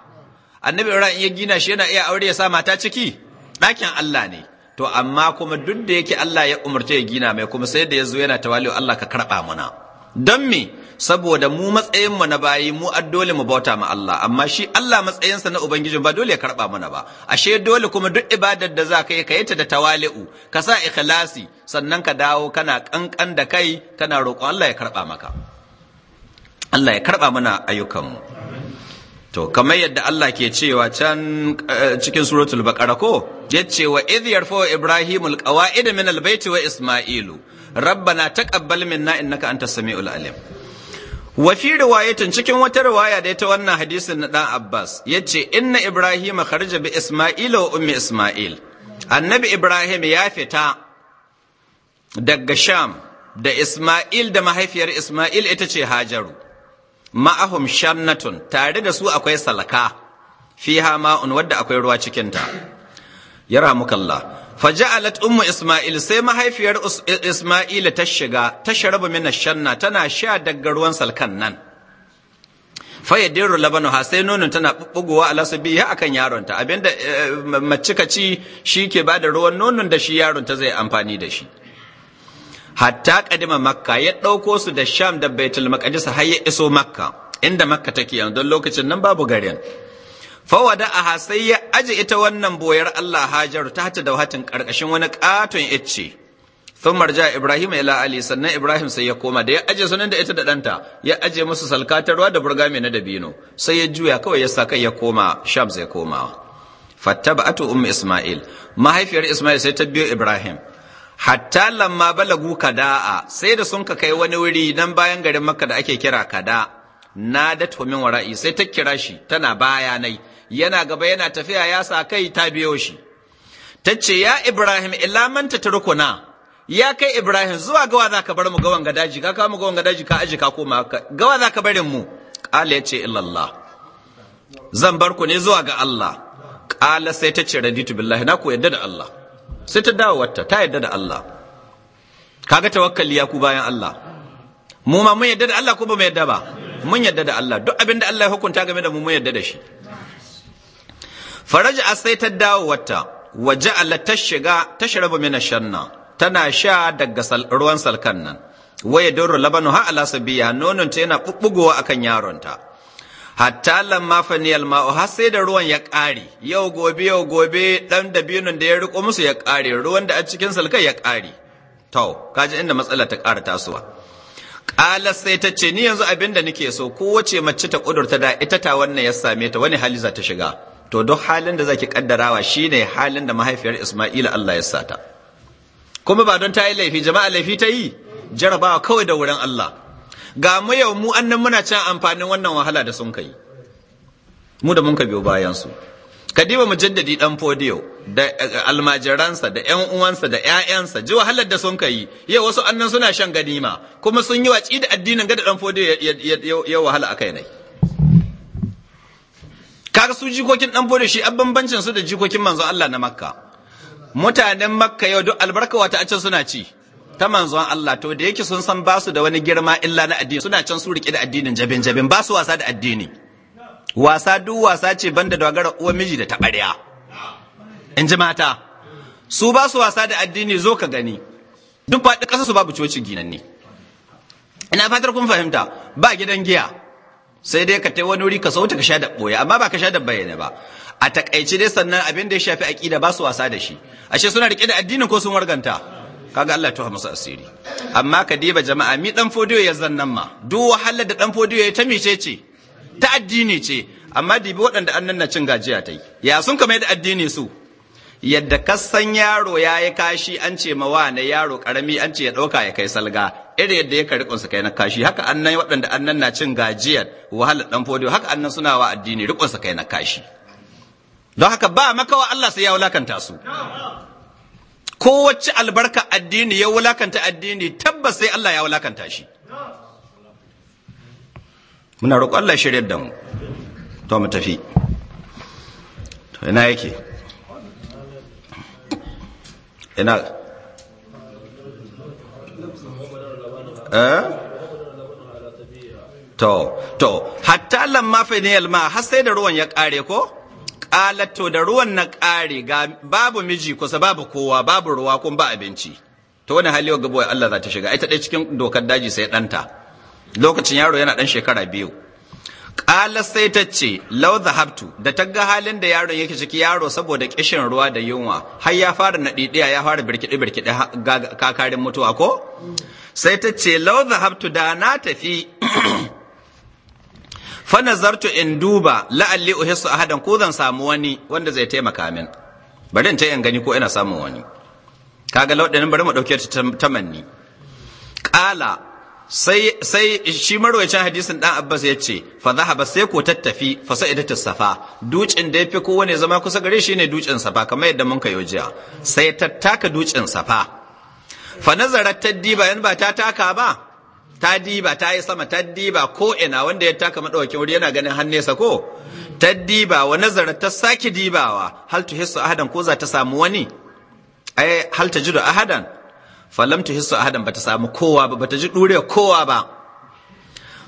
annabi in ya gina shi yana iya aure ya sa mata ciki ɗakin Allah ne to amma kuma duk da yake Allah ya umarce ya gina mai kuma sai da ya zo yana tawali'u Allah ka karɓa muna don me saboda mu matsayin mu na bayi mu dole mu bauta ma Allah amma shi Allah matsayinsa na ubangijin ba dole ya karba mana ba ashe dole kuma duk ibadar da za ka yi ka yi ta da tawali'u ka sa ikhlasi sannan ka dawo kana kankan da kai kana roƙo Allah ya karba maka Allah ya karba mana ayyukanmu to kamar yadda Allah ke cewa can eh, cikin suratul baqara ko yace wa idh yarfa ibrahimul qawaid min albayt wa isma'ilu rabbana taqabbal minna innaka antas samiul alim wa fi cikin wata riwaya da ita wannan hadisin na ɗan Abbas yace inna Ibrahim kharaja bi Isma'il wa ummi Isma'il annabi Ibrahim ya fita daga Sham da Isma'il da mahaifiyar Isma'il ita ce Hajaru ma'ahum shamnatun tare da su akwai salaka fiha ma'un wadda akwai ruwa cikin ta yarhamukallah faja'alat ummu isma'il sai mahaifiyar isma'ila ta shiga ta sharaba min shanna tana sha daga ruwan salkan nan fayyadiru labanu ha sai nonon tana buguwa a lasabi ya akan yaronta abinda eh, mace ka ci shi ke ba da ruwan nonon da shi yaronta zai amfani da shi hatta kadima makka ya ɗauko su da sham da baitul maqdis har ya iso makka inda makka take yanzu lokacin nan babu garin fawada a sai ya aje ita wannan boyar Allah hajaru ta hata da hatin ƙarƙashin wani ƙaton icce sun marja Ibrahim ila Ali sannan Ibrahim sai ya koma da ya aje sunan da ita da ɗanta ya aje musu salkatarwa da burga mai na dabino sai ya juya kawai ya sa kai ya koma Sham zai koma fattaba'atu umma Isma'il mahaifiyar Isma'il sai ta biyo Ibrahim hatta lamma balagu kada'a sai da sun ka kai wani wuri nan bayan garin Makka da ake kira kada na da min wara'i sai ta kira shi tana bayanai yana gaba yana tafiya ya sa kai ta biyo shi ta ce ya ibrahim manta ta rukuna. ya kai ibrahim zuwa gawa za ka bar mu gawan gadaji ka kawo mu gawan gadaji ka aji ka koma ka gawa za ka barin mu qala ya ce illallah zan bar ku ne zuwa ga Allah qala sai ta ce raditu billahi na ku yadda da Allah sai ta dawo wata ta yadda da Allah kaga tawakkali ya ku bayan Allah mu ma mun yadda da Allah ko ba mu yadda ba mun yadda da Allah duk abin da Allah ya hukunta game da mu mun yadda da shi faraja sai ta dawo wata waje Allah ta shiga ta shiraba mina shanna tana sha daga ruwan salkan nan waya doro labanu ha ala sabiya nonon ta yana bubbugowa akan yaronta hatta lamma al ma'u har sai da ruwan ya ƙare yau gobe yau gobe dan da binun da ya riko musu ya kare ruwan da a cikin salkai ya kare to kaji inda matsala ta ƙara tasowa ƙala sai ta ce ni yanzu abin da nake so kowace mace ta ƙudurta da ita ta wannan ya same ta wani hali za ta shiga to duk halin da zaki kaddarawa shine halin da mahaifiyar Isma'ila Allah ya sata kuma ba don ta yi laifi jama'a laifi ta yi jarabawa kawai da wurin Allah ga mu yau mu annan muna cin amfanin wannan wahala da sun kai mu da mun ka biyo bayan su kadiba mujaddadi dan fodiyo da eh, almajiransa da yan uwansa da ƴaƴansa ji wahalar da sun kai yau wasu annan suna shan ganima kuma sun yi waci da addinin ga da dan fodiyo ya wahala akai ne kaga su jikokin ɗan bode shi an bambancin su da jikokin manzo Allah na makka mutanen makka yau duk albarka wata a can suna ci ta manzon Allah to da yake sun san basu da wani girma illa na addini suna can su rike da addinin jabin jabin basu wasa da addini wasa duk wasa ce banda dogara uwa miji da tabariya in ji mata su basu wasa da addini zo ka gani duk faɗi ƙasa su babu coci ginanni ina fatar kun fahimta ba gidan giya sai dai ka tai wani wuri ka sauta ka sha da boye amma ba ka sha da bayyana ba a takaice dai sannan abin da ya shafi aqida ba su wasa da shi ashe suna rike da addinin ko sun warganta kaga Allah tuha musu asiri amma ka diba jama'a mi dan fodiyo ya zannan ma duk wahalar da dan fodiyo ya ta mice ce ta addini ce amma dibi waɗanda annan na cin gajiya ta yi ya sun kamar da addini su yadda kasan yaro ya yi kashi an ce mawa na yaro karami an ce ya ɗauka ya kai salga irin yadda ya kari kunsa kai na kashi haka annan waɗanda annan na cin gajiyar wahala ɗan fodiyo haka annan suna wa addini riƙonsa kai na kashi don haka ba makawa Allah sai ya wulakanta su kowace albarka addini ya wulakanta addini tabbas sai Allah ya wulakanta shi muna roƙon Allah shirya da mu to mu tafi to ina yake ina eh to to hatta lamma fa ne alma, har sai da ruwan ya kare ko kalato da ruwan na kare ga babu miji kusa babu kowa babu ruwa kun ba abinci to wani hali ga gabo Allah za ta shiga ita dai cikin dokar daji sai danta lokacin yaro yana dan shekara biyu Alas sai ta ce, Lau haftu da ta ga halin da yaron yake ciki yaro saboda kishin ruwa da yunwa, har ya fara naɗiɗiya ya fara birkiɗe-birkiɗe kakarin mutuwa ko? Sai ta ce, Lau haftu da na tafi, [CLEARS THROAT] Fana zartu in duba la'alli a ahadan ko zan samu wani wanda zai taimaka min. Bari in ta in gani ko ina samun wani. Kaga lau bari mu ɗauke ta tamanni. Ƙala sai sai shi marwayacin hadisin dan Abbas ya ce fa zahaba sai ko tattafi fa sa'idatu safa ducin da yafi kowane zama kusa gare shi ne ducin safa kamar yadda mun kayo jiya sai tattaka ducin safa fa nazarat tadiba yan ba ta taka ba ta diba ta yi sama ta diba ko ina wanda ya taka madaukin wuri yana ganin hannesa ko ta diba wa nazara ta saki dibawa hal ahadan ko za ta samu wani ai hal tajidu ahadan falam hisu ahadan bata samu kowa ba bata ji dure kowa ba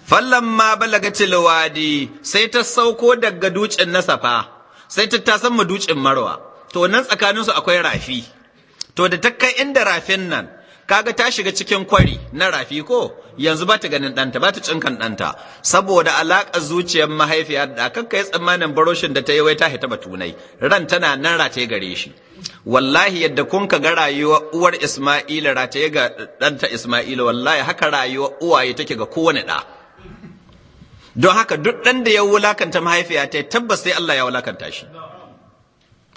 fallan ma balaga tilwadi sai ta sauko daga dutsen nasafa sai ta tasan ma dutsen marwa to nan tsakanin su akwai rafi to da ta kai inda rafin nan kaga ta shiga cikin kwari na rafi ko yanzu ba ta ganin ɗanta ba ta cinkan ɗanta saboda alaƙa zuciyar mahaifiya da kan kai tsammanin baroshin da ta yi wai ta hita batunai ran tana nan rataye gare shi wallahi yadda kun ka ga rayuwar uwar isma'ila rataye ga ɗanta isma'ila wallahi haka rayuwar uwaye take ga kowane ɗa don haka duk ɗan da ya wulakanta mahaifiya ta tabbas sai Allah ya wulakanta shi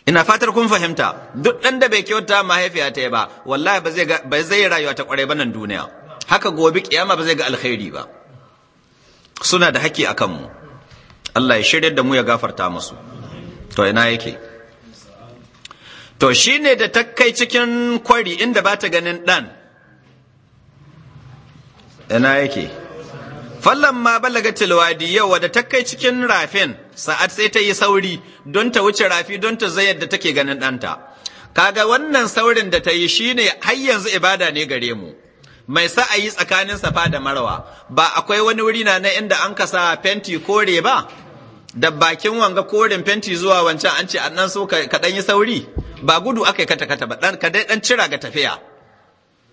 ina fatar kun fahimta duk ɗan da bai kyauta mahaifiya ta ba wallahi ba zai yi rayuwa ta kwarai ba nan duniya haka gobe kiyama ba zai ga alkhairi ba suna da haƙƙi a kanmu. Allah ya shirya da mu ya gafarta masu. to ina yake to shi ne da ta cikin kwari inda ba ta ganin ɗan ina yake fallon ma balaga tilwadi yau da ta kai cikin rafin sa'ad sai ta yi sauri don ta wuce rafi don ta zayar da take ganin ɗanta kaga wannan saurin da ta yi shine har yanzu ibada ne gare mu mai sa'ayi tsakanin safa da marawa. ba akwai wani wuri na inda an kasa fenti kore ba da bakin wanga koren fenti zuwa wancan an ce an nan so ka yi sauri ba gudu aka kata kata ba ka dai ɗan cira ga tafiya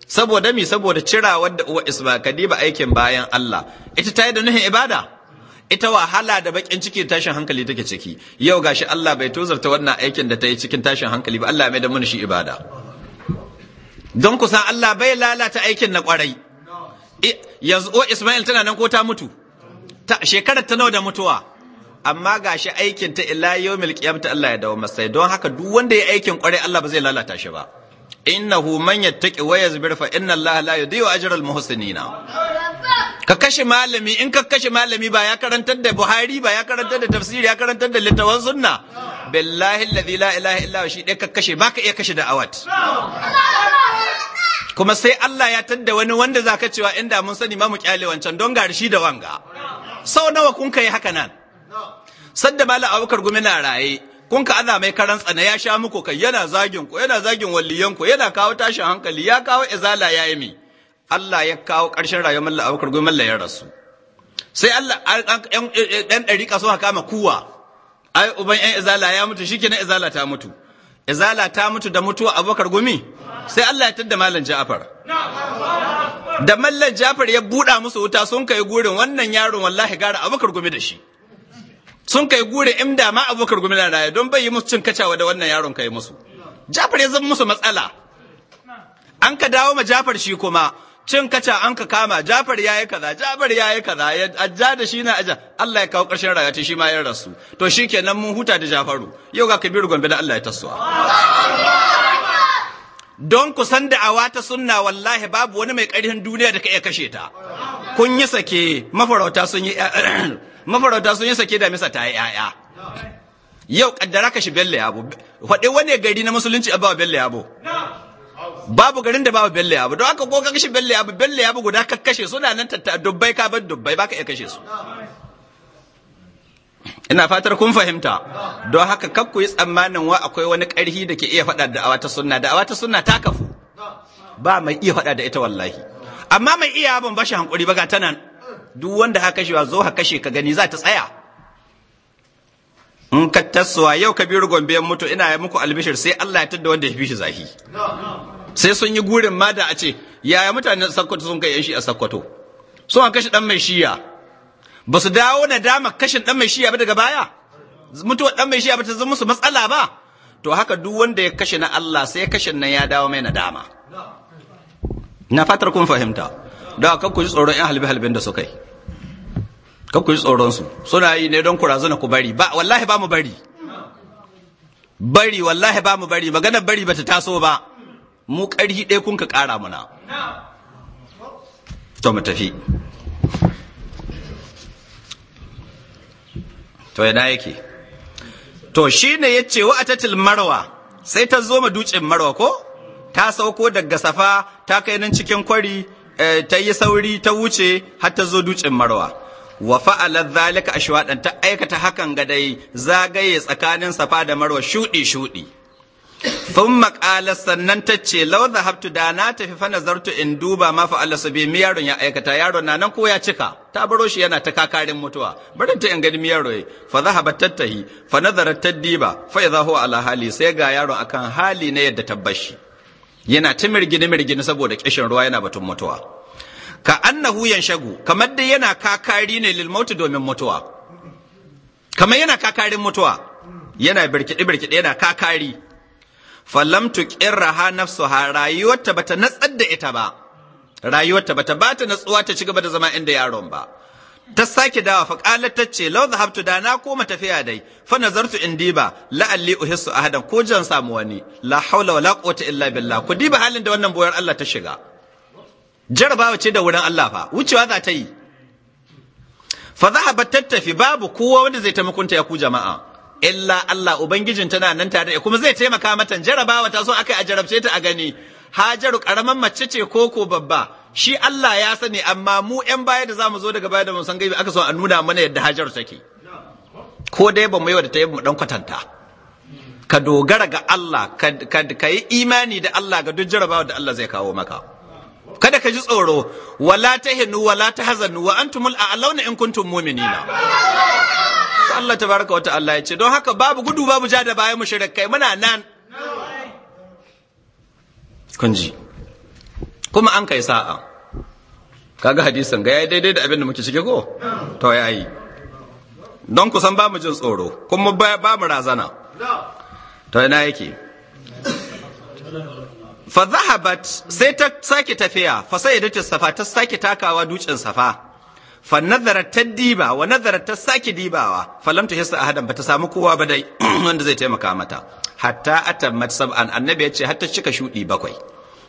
saboda mi saboda cira wadda uwa ka diba aikin bayan Allah ita ta yi da nuhin ibada ita wahala da bakin ciki tashin hankali take ciki yau gashi Allah bai tozarta wannan aikin da ta yi cikin tashin hankali ba Allah ya mai mana shi ibada don kusan Allah bai lalata aikin na kwarai yanzu o Ismail tana nan ko ta mutu shekarar ta nawa da mutuwa amma gashi aikin ta ila yawmil qiyamta Allah ya dawo masa don haka duk wanda ya aikin kwarai Allah ba zai lalata shi ba innahu man yattaqi wa yazbir fa inna Allah la yudhi'u ajral al muhsinina ka kashe malami in ka kashe malami ba ya karantar da buhari ba ya karantar da tafsiri ya karantar da littawan sunna billahi alladhi la ilaha illa shi dai ka kashe baka iya kashe da awat kuma sai Allah ya tadda wani wanda zaka cewa inda mun sani ma mu kyale wancan don gari shi da wanga sau nawa kun kai haka nan sadda mala abukar gumi na raye kun ka ana mai karan tsana ya sha muku kai yana zagin ku yana zagin walliyan ku yana kawo tashin hankali ya kawo izala ya yi mi Allah ya kawo ƙarshen rayuwar Malla Abubakar goyi Malla ya rasu sai Allah ɗan ɗariƙa so kama kuwa ai uban ƴan izala ya mutu shi kenan izala ta mutu izala ta mutu da mutuwa Abubakar gumi sai Allah ya tadda Malam Ja'far da Mallan Ja'far ya buɗa musu wuta sun kai gurin wannan yaron wallahi gara Abubakar gumi da shi sun kai gure inda ma Abubakar gumi na raye don bai yi musu cin kacawa da wannan yaron kai musu Ja'far ya zama musu matsala an ka dawo ma Ja'far shi kuma cin kaca an ka kama Jafar ya yi kaza Jafar yayi kaza ya ajja da shi na Allah ya kawo ƙarshen rayuwa shi ma ya rasu to shikenan mun huta da Jafaru yau ga Kabiru Gombe da Allah ya tasowa don ku san awa ta sunna wallahi babu wani mai ƙarfin duniya da ka iya kashe ta kun yi sake mafarauta sun yi [CLEARS THROAT] mafarauta sun yi sake da misa ta yi ƴaƴa. yau kaddara ka shi bello yabo faɗi wani gari na musulunci abawa bello yabo babu garin da babu belle abu don haka ko kashi belle abu belle abu guda ka kashe suna nan tatta dubbai ka bar dubbai baka iya kashe su ina fatar kun fahimta don haka kar ku yi tsammanin wa akwai wani ƙarfi da ke iya faɗa da awata sunna da awata sunna ta kafu ba mai iya faɗa da ita wallahi amma mai iya ban bashi hankuri ba ga duk wanda haka shi zo haka shi ka gani za ta tsaya in ka tasowa yau kabiru gombe mutu ina yi muku albishir sai Allah ya tada wanda ya fi shi zahi sai sun yi gurin ma da a ce yaya mutanen sakkwato sun kai yanshi a sakkwato suna kashe dan mai shiya ba su dawo na dama kashin dan mai shiya ba daga baya mutuwar dan mai shiya ba ta zama musu matsala ba to haka duk wanda ya kashe na Allah sai kashin nan ya dawo mai nadama na fatar kun fahimta da kan ku ji tsoron yan halbe halben da suka yi kan ku ji tsoron su suna yi ne don ku razana ku bari ba wallahi ba mu bari bari wallahi ba mu bari magana bari ba ta taso ba mu ƙarhi ɗaya kun ka ƙara mana to mu tafi to yana yake to shi ya yace wa atatil marwa sai ta zo ma dutsen marwa ko ta sauko daga safa ta kai nan cikin kwari eh, ta yi sauri ta wuce har ta zo dutsen marwa wa fa'ala zalika ashwadan ta aikata hakan ga zagaye tsakanin safa da marwa shudi shudi Fun maƙala sannan ta ce lau da haftu da na tafi fana zartu in duba ma fa Allah sabi mi yaron ya aikata yaron na nan ko ya cika ta baro shi yana ta kakarin mutuwa barin ta in gani mi yaro yi fa zahaba tattahi fa nazarat taddiba fa ya ala hali sai ga yaron akan hali na yadda tabbashi yana ta mirgini mirgini saboda kishin ruwa yana batun mutuwa ka annahu yanshagu kamar dai yana kakari ne lil mautu domin mutuwa kamar yana kakarin mutuwa yana birkiɗi birkiɗi yana kakari falam ƙirra, ha nafsu, ha rayuwarta bata natsar da ita ba rayuwarta bata bata natsuwa ta cigaba da zama inda yaron ba ta sake dawa fa qalat tace law dhahabtu da na koma tafiya dai fa nazartu in diba la'alli uhissu ahadan ko jan samu wani la haula wala quwwata illa billah ku diba halin da wannan boyar Allah ta shiga jarabawa ce da wurin Allah fa wucewa za ta yi fa zahabat tattafi babu kowa wanda zai ta mukunta ya ku jama'a illa Allah ubangijin tana nan tare da kuma zai taimaka mata jarabawa ta so aka a jarabce ta a gani Hajaru karaman mace ce ko ko babba shi Allah ya sani amma mu ƴan baya da zamu zo daga baya da mun san gaibi aka so a nuna mana yadda Hajaru take ko dai ba mu yi wa ta yi mu dan kwatanta ka dogara ga Allah ka yi imani da Allah ga duk jarabawa da Allah zai kawo maka kada ka ji tsoro wala tahinu wala tahzanu wa antumul a'launa in kuntum mu'minina Allah baraka wata Allah ya ce don haka babu gudu babu ja da bayan mushrikai muna nan kunji kuma an kai sa'a kaga hadisan ga yayi daidai da abin da muke cike ko to yi, don kusan ba mu jin tsoro kuma ba mu razana to na yake fa zahabat sai ta sake tafiya fa sai da ta safa ta sake takawa dukin safa fa nazara ta diba wa nazara ta sake dibawa fa lam hissa ahadan bata samu kowa ba dai [CLEARS THROAT] wanda zai taimaka mata hatta atammat sab'an annabi ya ce hatta cika shudi bakwai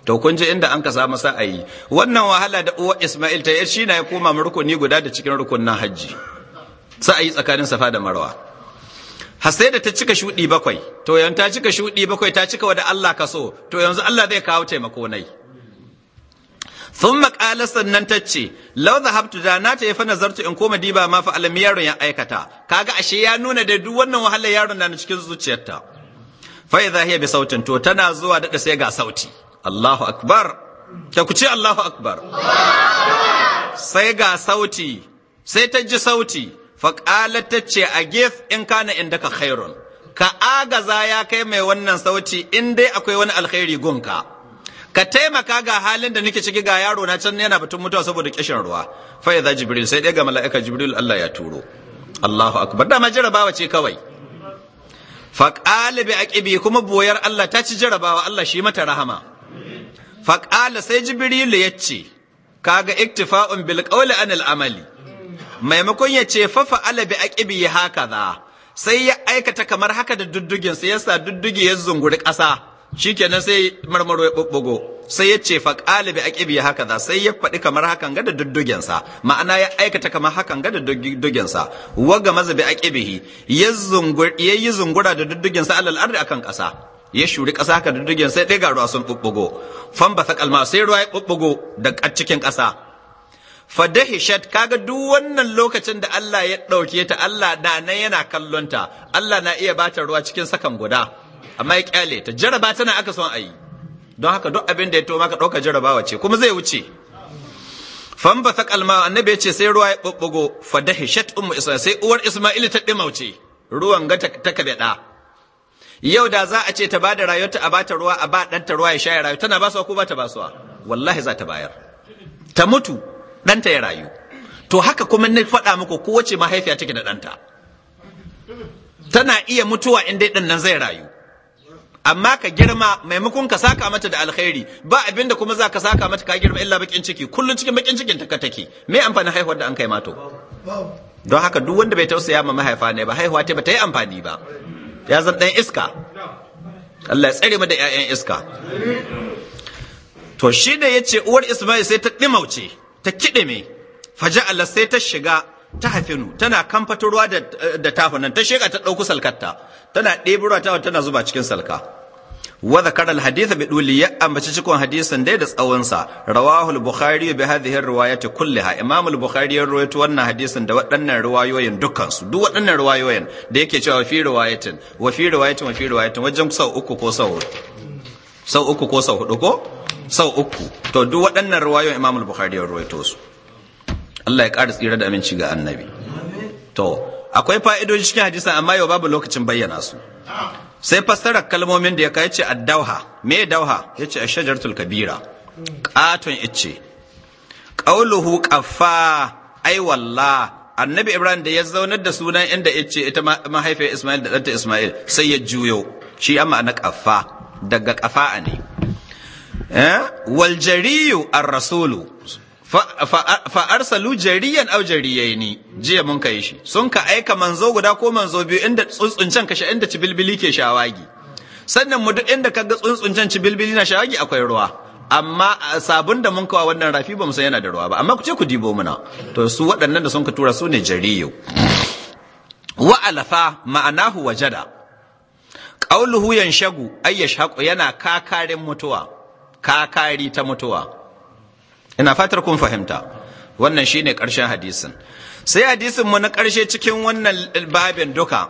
to kun ji inda an ka samu sa'ayi wannan wahala da uwa Isma'il ta shi na ya koma rukuni guda da cikin rukunin hajji sa'ayi tsakanin Safa da Marwa har da ta cika shudi bakwai to yanzu ta cika shudi bakwai ta cika wa da Allah ka so to yanzu Allah zai kawo taimako nai Sun maƙala sannan tace ce, zahabtu da na ta fa nazartu in koma diba ma fa alam yaron ya aikata kaga ashe ya nuna da duk wannan wahalar yaron na cikin zuciyarta Fai za bi sautin to tana zuwa daɗa sai ga sauti Allahu akbar ta ku ce Allahu akbar sai ga sauti sai ta ji sauti faƙalar ta ce a gef in kana inda ka khairun ka agaza ya kai mai wannan sauti in dai akwai wani alkhairi gunka ka taimaka ga halin da nake ciki ga yaro na can yana batun mutuwa saboda kishin ruwa fa idza jibril sai dai ga mala'ika jibril Allah ya turo Allahu akbar dama jarabawa ce kawai fa qala bi aqibi kuma boyar Allah ta ci jarabawa Allah shi mata rahama fa qala sai jibril ya ce kaga iktifa'un bil qawli anil amali maimakon ya ce fa ƙibi bi aqibi za, sai ya aikata kamar haka da duddugin sai ya sa duddugi ya zunguri ƙasa shikenan sai marmaro ya bubbugo sai ya ce fa qalibi aqibi haka da sai ya faɗi kamar hakan ga da duddugen ma'ana ya aikata kamar hakan ga da duddugen sa waga mazabi aqibihi ya yi yayi zungura da duddugen sa alal ardi akan ƙasa ya shuri ƙasa haka duddugen sai ɗaya sun bubbugo fan ba kalma sai ruwa ya bubbugo da cikin ƙasa fadahishat kaga duk wannan lokacin da Allah ya ɗauke ta Allah na nan yana kallonta Allah na iya bata ruwa cikin sakan guda amma ya kyale ta jaraba tana aka son ayi. don haka duk abin da ya to maka ɗauka jarabawa ce kuma zai wuce fan ba ta kalma annabi ya ce sai ruwa ya ɓuɓɓugo fa dahishat ummu isma'il sai uwar isma'il ta ɗimauce ruwan ga ta kabeɗa yau da za a ce ta bada rayuwarta a bata ruwa a ba ta ruwa ya sha ya rayu tana basuwa ko bata basuwa wallahi za ta bayar ta mutu ɗanta ya rayu to haka kuma na faɗa muku kowace mahaifiya take da ɗanta tana iya mutuwa in dai ɗan nan zai rayu amma ka girma maimakon ka saka mata da alkhairi ba abinda kuma za ka saka mata ka girma illa bakin ciki kullun cikin bakin cikin ta take me amfanin haihuwar da an kai mato don haka duk wanda bai tausaya ma mahaifa ne ba haihuwa ta ba ta yi amfani ba ya zan dan iska Allah ya tsare mu da ƴaƴan iska to shi da yace uwar Isma'il sai ta dimauce ta faja faja'ala sai ta shiga ta hafinu tana kamfato ruwa da tafunan ta sheka ta ɗauku salkarta tana ɗebi ruwa ta tana zuba cikin salka wa zakara alhadith bi duli ya ambaci cikin hadisan dai da tsawonsa sa rawahu bukhari bi hadhihi ar-riwayati kullaha imam al-bukhari ya rawaito wannan hadisan da waɗannan riwayoyin dukkan su duk waɗannan riwayoyin da yake cewa fi riwayatin wa fi riwayatin wa fi riwayatin wajen sau uku ko sau sau uku ko sau hudu ko sau uku to duk waɗannan riwayoyin imam al-bukhari ya rawaito su Allah ya ƙara tsira da aminci ga annabi to akwai fa'idoji cikin hadisan amma yau babu lokacin bayyana su sai fassarar kalmomin da ya kai ce dauha. me dauha Ya yace ashajaratul kabira katon ice. qauluhu qaffa ai walla annabi ibrahim da ya zaunar da sunan inda ce ita mahaifiyar isma'il da ɗanta isma'il sai ya juyo shi amma na ƙafa. daga kafa ne eh wal jariyu ar-rasulu fa arsalu jariyan au ne jiya mun kai shi sun ka aika manzo guda ko manzo biyu inda tsuntsuncen kashe inda cibilbili ke shawagi sannan mu duk inda kaga tsuntsuncen cibilbili na shawagi akwai ruwa amma sabon da mun kawo wannan rafi ba mu san yana da ruwa ba amma ku ce ku dibo muna to su waɗannan da sun ka tura su ne jariyo wa alafa ma'anahu wajada qauluhu yanshagu ayyashaqu yana kakarin mutuwa kakari ta mutuwa ina fatar kun fahimta wannan shine ƙarshen hadisin sai hadisin mu na ƙarshe cikin wannan babin duka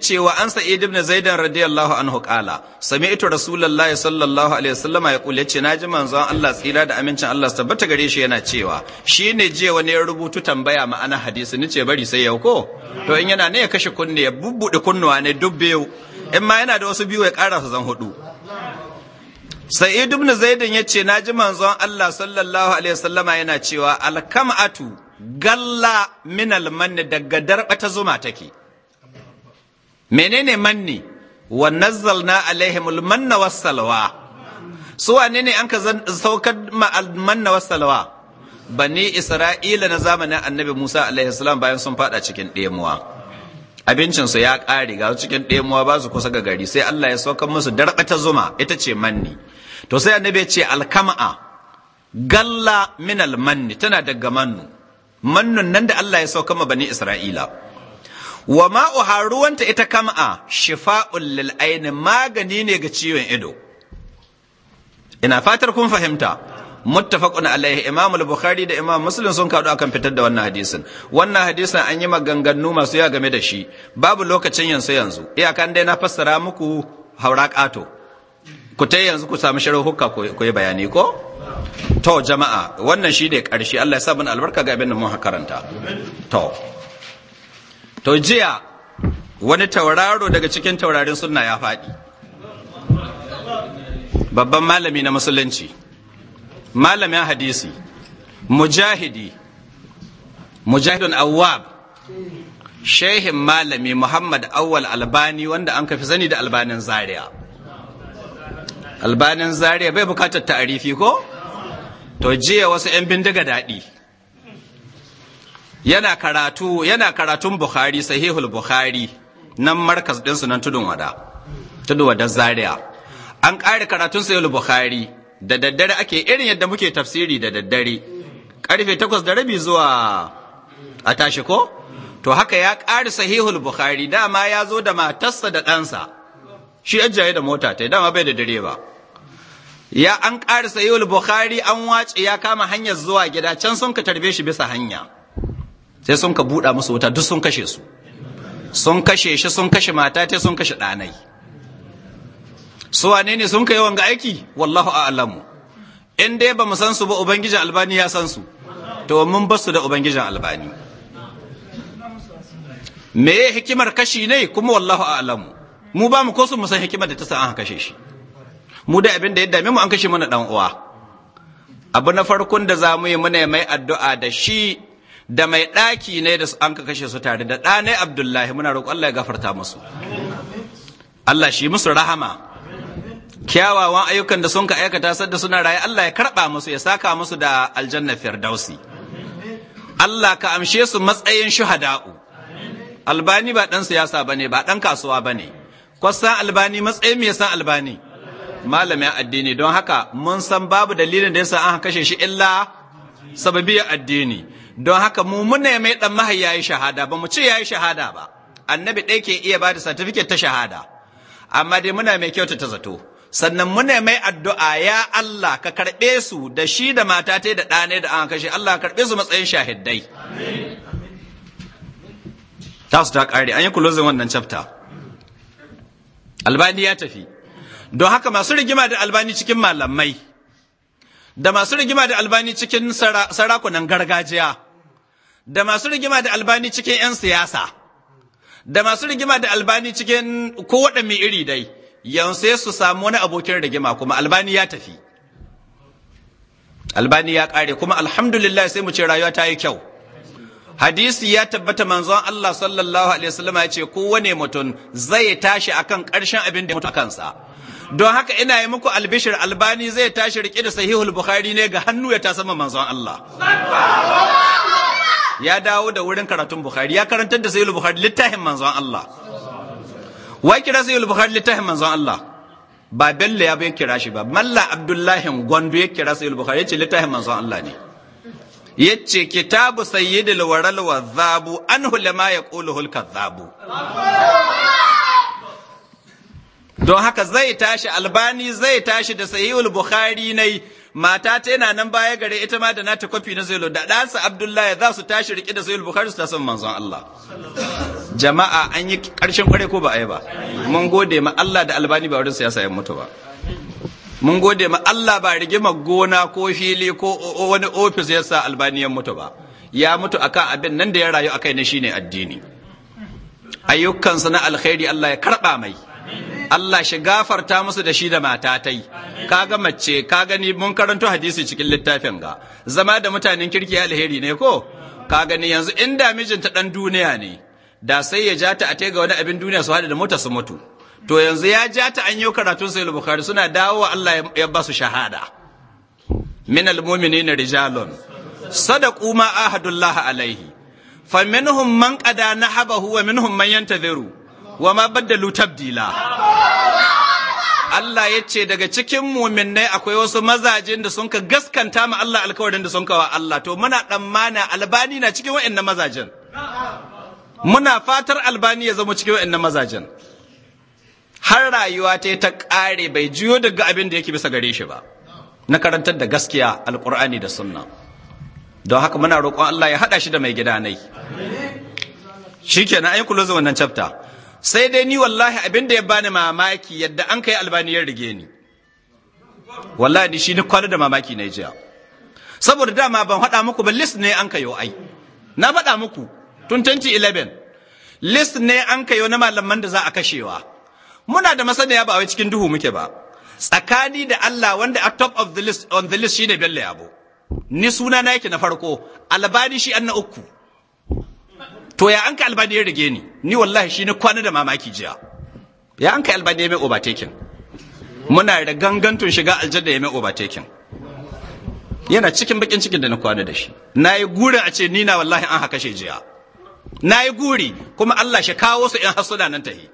ce wa an sa'id ibn zaidan radiyallahu anhu qala sami'tu rasulullahi sallallahu alaihi wasallam ya kula na ji manzon Allah tsira da amincin Allah tabbata gare shi yana cewa Shi ne je wani ya rubutu tambaya ma'ana hadisi ce bari sai yau ko to in yana ne ya kashe kunne ya bubbude kunnuwa ne duk biyu in ma yana da wasu biyu ya kara zan hudu sa'id ibn zaidan ya ce na ji manzon Allah sallallahu alaihi wasallama yana cewa alkam'atu galla min almanni daga darba ta zuma take menene manni wa nazzalna alaihim almanna wassalwa su wane ne an ka saukar ma wassalwa bani isra'ila na zamanin annabi musa alaihi salam bayan sun fada cikin ɗemuwa abincinsu ya ƙare ga cikin ɗemuwa ba su kusa ga gari sai allah ya saukar musu darɓa zuma ita ce manni to sai annabi ya ce alkama'a galla min almanni tana daga mannu mannun nan da Allah ya sauka ma bani Isra'ila wa ma'uha ruwanta ita kama'a shifa'un lil aini magani ne ga ciwon ido ina fatar kun fahimta muttafaqun alaihi imam al-bukhari da imam muslim sun kaɗu akan fitar da wannan hadisin wannan hadisin an yi maganganu masu yawa game da shi babu lokacin yanzu yanzu iyakan dai na fassara muku haura ƙato ku ta yanzu ku samu hukka ku yi bayani ko to jama'a wannan shi ne ƙarshe Allah ya sa mun albarka ga abin da mun karanta to to jiya wani tauraro daga cikin taurarin sunna ya faɗi babban malami na musulunci malamin hadisi mujahidi mujahidun awwab shehin malami muhammad awwal albani wanda an kafi sani da albanin zaria albanin zaria bai bukatar ta'arifi ko to jiya wasu 'yan bindiga daɗi yana karatu yana karatun bukhari sahihul bukhari nan markas ɗinsu nan tudun wada tudun wada zaria an ƙare karatun sahihul bukhari da daddare ake irin yadda muke tafsiri da daddare ƙarfe takwas da rabi zuwa a tashi ko to haka ya ƙari sahihul bukhari dama ya zo da matarsa da ɗansa shi ajiye da mota ta dama bai da direba ya an ƙara sayuwar bukhari an wace ya kama hanyar zuwa gida can sun ka tarbe shi bisa hanya sai sun ka buɗa musu wuta duk sun kashe su sun kashe shi sun kashe mata ta sun kashe ɗanai su wane ne sun ka yi wanga aiki wallahu a'lamu in dai ba mu san su ba ubangijin albani ya san su to mun ba su da ubangijin albani me hikimar kashi ne kuma wallahu a'lamu mu ba mu ko su mu san hikimar da ta san an kashe shi mu da abin da ya dame mu an kashe mana dan uwa abu na farkon da za mu yi muna mai addu'a da shi da mai ɗaki ne da an ka kashe su tare da ɗa abdullahi muna roƙon Allah ya gafarta musu Allah shi musu rahama kyawawan ayyukan da sun ka aikata sadda suna raye Allah ya karɓa musu ya saka musu da aljanna firdausi Allah ka amshe su matsayin shuhada'u albani ba ɗan siyasa bane ba ɗan kasuwa bane kwasan albani matsayin me san albani malamin addini don haka mun san babu dalilin da ya yasa an kashe shi illa sababiyar addini don haka mu muna mai dan mahai yayi shahada ba mu ce yayi shahada ba annabi ɗaya ke iya bada da certificate ta shahada amma dai muna mai kyauta ta zato sannan muna mai addu'a ya Allah ka karɓe su da shi da mata ta da ɗane da an kashe Allah ka karɓe su matsayin shahidai tasu ta ƙare an yi kulozin wannan chapter albani ya tafi don haka masu rigima da albani cikin malamai da masu rigima da albani cikin sarakunan gargajiya da masu rigima da albani cikin 'yan siyasa da masu rigima da albani cikin kowaɗa mai iri dai yanzu su samu wani abokin rigima kuma albani ya tafi albani ya ƙare kuma alhamdulillah sai mu ce rayuwa ta yi kyau hadisi ya tabbata manzon Allah sallallahu alaihi wasallam ya ce kowane mutum zai tashi akan ƙarshen abin da ya mutu kansa. don haka ina yi muku albishir albani zai tashi rike da sahihul bukhari ne ga hannu ya tasama manzon Allah ya dawo da wurin karatun bukhari ya karanta da sahihul bukhari littafin manzon Allah wai kira sahihul bukhari littafin manzon Allah ba bello ya bai kira shi ba malla abdullahi gwandu ya kira sahihul bukhari yace littafin manzon Allah ne yace kitabu sayyidul waral wa zabu anhu lama yaquluhu al kadhabu don haka zai tashi albani zai tashi da sahihul bukhari nai mata ta yana nan baya gare ita ma da nata kwafi na zailo da ɗansa abdullahi za su tashi riƙe da sahihul bukhari su ta san manzon allah jama'a an yi ƙarshen kware ko ba a yi ba mun gode ma allah da albani ba wurin siyasa ya mutu ba mun gode ma allah ba rigima gona ko fili ko wani ofis ya sa albani ya mutu ba ya mutu akan abin nan da ya rayu akai na shine addini ayyukansa na alkhairi allah ya karɓa mai Allah shi gafarta musu da shi da mata ta Ka kaga mace ka gani mun karanto hadisi cikin littafin ga zama da mutanen kirki alheri ne ko ka gani yanzu inda mijinta ɗan duniya ne da sai ya ja a ga wani abin duniya su hada da mota su mutu to yanzu ya ja ta an yi karatun sai bukhari suna dawo Allah ya ba su shahada min na rijalun sadaqu ma ahadullah alaihi faminhum man qada nahabahu wa minhum man yantaziru wa ma baddalu tabdila Allah ya ce daga cikin muminnai akwai wasu mazajen da sun ka gaskanta ma Allah alkawarin da sun wa Allah to muna tsammana albani na cikin wa'annan mazajin muna fatar albani ya zama cikin wa'annan mazajin har rayuwa ta ta kare bai juyo daga abin da yake bisa gare shi ba na karantar da gaskiya alƙur'ani da sunna don haka muna roƙon Allah ya haɗa shi da mai gida nai shikenan ayi kulo wannan chapter sai dai ni wallahi abin da ya bani mamaki yadda an kai albani ya rige ni wallahi ni shi ni kwana da mamaki na jiya saboda dama ban faɗa muku ba list ne an kayo ai na faɗa muku tun 2011 list ne an kayo na malaman da za a kashewa muna da masaniya ba wai cikin duhu muke ba tsakani da Allah wanda a top of the list on the list shine Bello Yabo ni suna na yake na farko albani shi an na uku to ya an ka albani ya rage ni ni wallahi shi na kwana da mamaki jiya ya an ka albani ya mai overtaking muna da gangantun shiga aljanna ya mai overtaking yana cikin bakin cikin da na kwana da shi na yi guri a ce ni na wallahi an haka shi jiya na yi guri kuma Allah shi kawo su in da nan tahi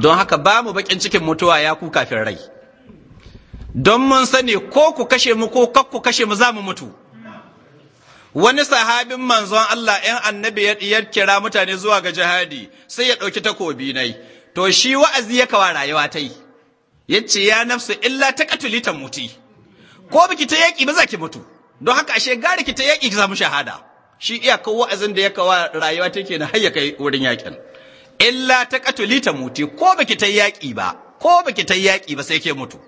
don haka ba mu bakin cikin mutuwa ya ku kafin rai don mun sani ko ku kashe mu ko kakku kashe mu za mu mutu wani sahabin manzon Allah 'yan annabi ya kira mutane zuwa ga jihadi sai ya ɗauki takobi nai to shi wa'azi ya kawa rayuwa ta yi ya ce ya nafsu illa ta katuli ta muti ko biki ta yaƙi ba za ki mutu don haka ashe gari ki ta yaƙi ki samu shahada shi iyakar wa'azin da ya kawa rayuwa ta ke na har ya kai wurin yaƙin illa ta katuli ta muti ko biki ta yaƙi ba ko biki ta yaƙi ba sai ke mutu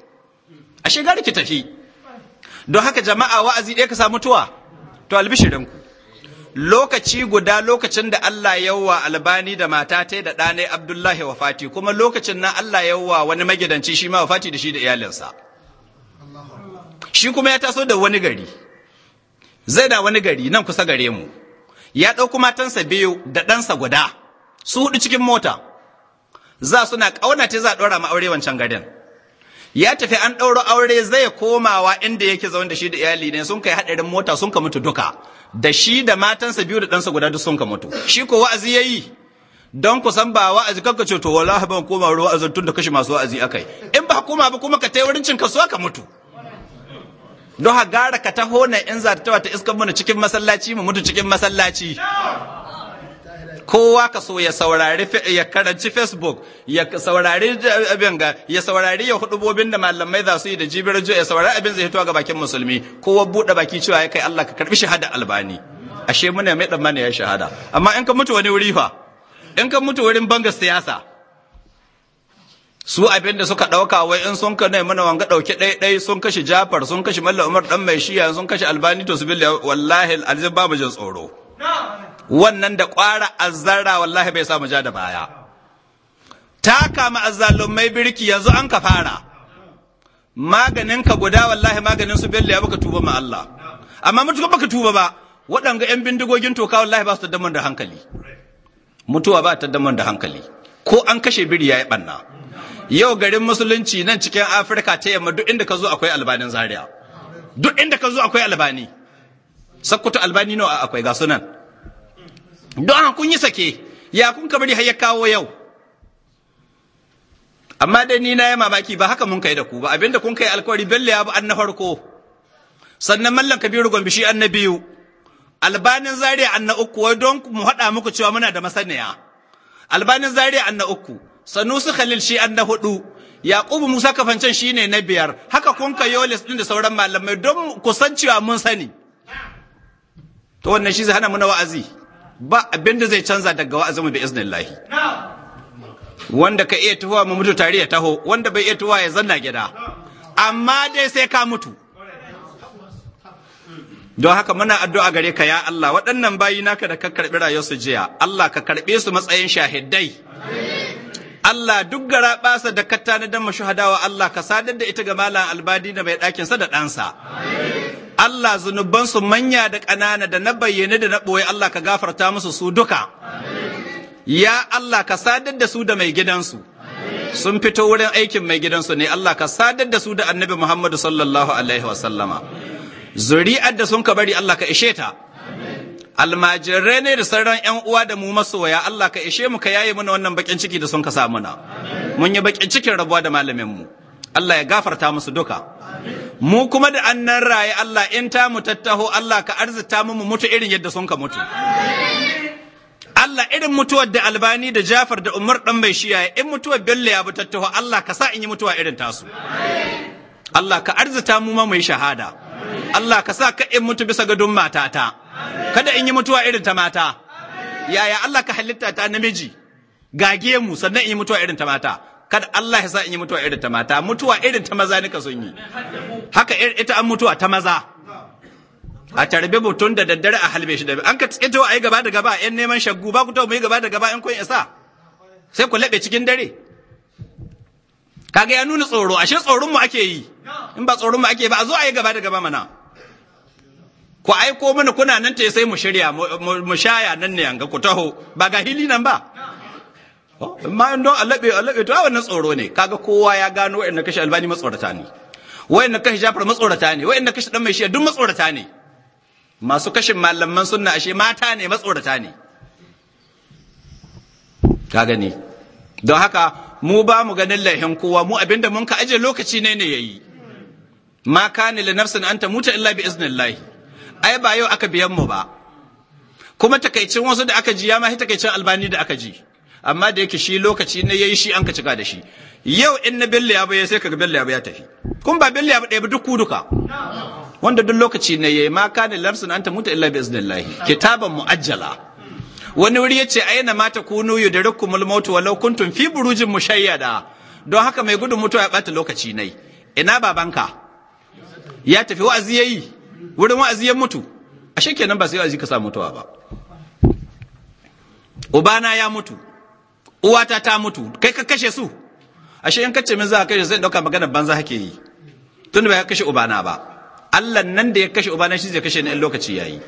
ashe gari ki tafi don haka jama'a wa'azi ɗaya ka samu tuwa to albishirinku lokaci guda lokacin da Allah yawwa albani da mata ta da ɗanai Abdullahi wafati kuma lokacin na Allah ya yawwa wani magidanci shi ma wafati da shi da iyalinsa shi kuma ya taso da wani gari zai da wani gari nan kusa gare mu ya ɗauko matansa biyu da ɗansa guda su hudu cikin mota za suna ƙauna ta za a ɗora ma aure wancan garin ya tafi an ɗauro aure zai komawa inda yake zaune da shi da iyali ne sun kai haɗarin mota sun ka mutu duka da shi da matansa biyu da ɗansa guda duk sun ka mutu shi ko wa'azi ya yi don ku san ba wa'azi ka ce to wallahi ban koma ruwa azan tun da kashe masu wa'azi akai in ba koma ba kuma ka tai wurin cin kasuwa ka mutu don ha gara ka taho na in za ta tawa ta iskan mu cikin masallaci mu mutu cikin masallaci kowa ka so ya saurari ya karanci facebook ya saurari eh, abin ga ya saurari ya bobin da malamai za su yi da jibir ya saurari abin zai fito ga bakin musulmi kowa bude baki cewa ya kai Allah ka karbi shahada albani ashe muna mai dan ya shahada amma in ka mutu wani wuri fa in ka mutu wurin banga siyasa su abin da suka ɗauka wai in sun ka mana wanga ɗauke ɗai ɗai sun kashe jafar sun kashe malla umar ɗan mai shiya sun kashe albani to su billa wallahi aljin babu jin tsoro wannan da ƙwara azzarra wallahi bai samu ja da baya ta kama azzalumai birki yanzu an ka fara maganin ka guda wallahi maganin su bello ya baka tuba ma Allah amma mutuka baka tuba ba waɗanga yan bindigogin toka wallahi ba su da da hankali mutuwa ba ta damar da hankali ko an kashe biri ya yi ɓanna yau garin musulunci nan cikin afirka ta yamma duk inda ka zo akwai albanin zaria duk inda ka zo akwai albani sakkuta albani nawa akwai ga sunan don kun yi sake ya kun ka bari har ya kawo yau amma dai ni na yi mamaki ba haka mun kai da ku ba abinda kun kai alkawari bello ya bu an na farko sannan mallan kabiru gombe shi an na biyu albanin zaria an na uku wai don mu haɗa muku cewa muna da masaniya albanin zaria an na uku su khalil shi an na hudu yaqubu musa kafancan shi ne na biyar haka kun kai yolis din da sauran malamai don ku san cewa mun sani to wannan shi zai hana mu na wa'azi ba abin da zai canza daga wa'azinmu bi iznillahi wanda ka iya tuhuwa mu mutu tare ya taho wanda bai iya tuhuwa ya zanna gida amma dai sai ka mutu don haka muna addu'a gare ka ya Allah waɗannan bayi naka da ka karɓi rayuwarsu jiya Allah ka karɓe su matsayin shahidai Allah duk gara ɓasa da ka tanadar mashahadawa Allah ka sadar da ita ga malam albadi da mai ɗakinsa da ɗansa Allah zunubansu manya da ƙanana da na bayyane da na ɓoye Allah ka gafarta musu su duka. Ya Allah ka sadar da su da mai gidansu. Sun fito wurin aikin mai gidansu ne Allah ka sadar da su da annabi Muhammadu sallallahu Alaihi wasallama. Zuri'ar da sun ka bari Allah ka ishe ta. Almajirai ne da sauran 'yan uwa da mu masoya Allah ka ishe mu ka yaye mana wannan bakin ciki da sun ka samuna. Mun yi bakin cikin rabuwa da malamin mu. Allah ya gafarta musu duka mu kuma da annan raye Allah in ta mu tattaho Allah ka arzita mu mu mutu irin yadda sun ka mutu Allah irin mutuwar da albani da jafar da umar dan mai shiya in mutuwar bello ya bi tattaho Allah ka sa in yi mutuwa irin tasu Allah ka arzita mu ma mu shahada Allah ka sa ka in mutu bisa gadon matata kada in yi mutuwa irin ta mata yaya Allah ka halitta ta namiji gage mu sannan in yi mutuwa irin ta mata kada Allah ya sa in yi mutuwa irin ta mata mutuwa irin ta maza nika sun yi haka ita an mutuwa ta maza a tarbe mutum da daddare a halbe shi da an ka tsito a yi gaba da gaba yan neman shaggu ba ku tawo mu yi gaba da gaba in kun isa sai ku laɓe cikin dare kaga ya nuna tsoro ashe tsoron mu ake yi in ba tsoron mu ake ba a zo a yi gaba da gaba mana ku aiko mana kuna nan ta sai mu shirya mu shaya nan ne an ga ku taho ba ga hili nan ba amma in don allabe allabe to wannan tsoro ne kaga kowa ya gano na kashe albani matsorata ne na kashe jafar matsorata ne na kashe dan mai shiya duk matsorata ne masu kashin malaman sunna ashe mata ne matsorata ne ka gani don haka mu ba mu ganin laihin kowa mu abinda mun ka aje lokaci ne ne yayi ma kana li nafsin anta muta illa bi iznillahi ai ba yau aka biyan mu ba kuma takaicin wasu da aka ji ya ma takaicin albani da aka ji amma da yake shi lokaci ne yayi shi an ka cika da shi yau in na billa ya bai sai kaga billa ya tafi kun ba billa ba ɗaya ba duk duka wanda duk lokaci ne yayi ma kana larsun anta muta illa bi iznillahi kitaban muajjala wani wuri yace aina mata kunu yudrikumul maut walau kuntum fi burujin mushayyada don haka mai gudun mutuwa ya bata lokaci nai ina babanka ya tafi wa'azi yayi wurin wa'azi ya mutu ashe kenan ba sai wa'azi ka sa mutuwa ba ubana ya mutu uwata ta mutu kai ka kashe su ashe in kace min za ka kashe zan dauka magana banza hake yi tun ba ya kashe ubana ba Allah nan da ya kashe ubana shi zai kashe ni in lokaci yayi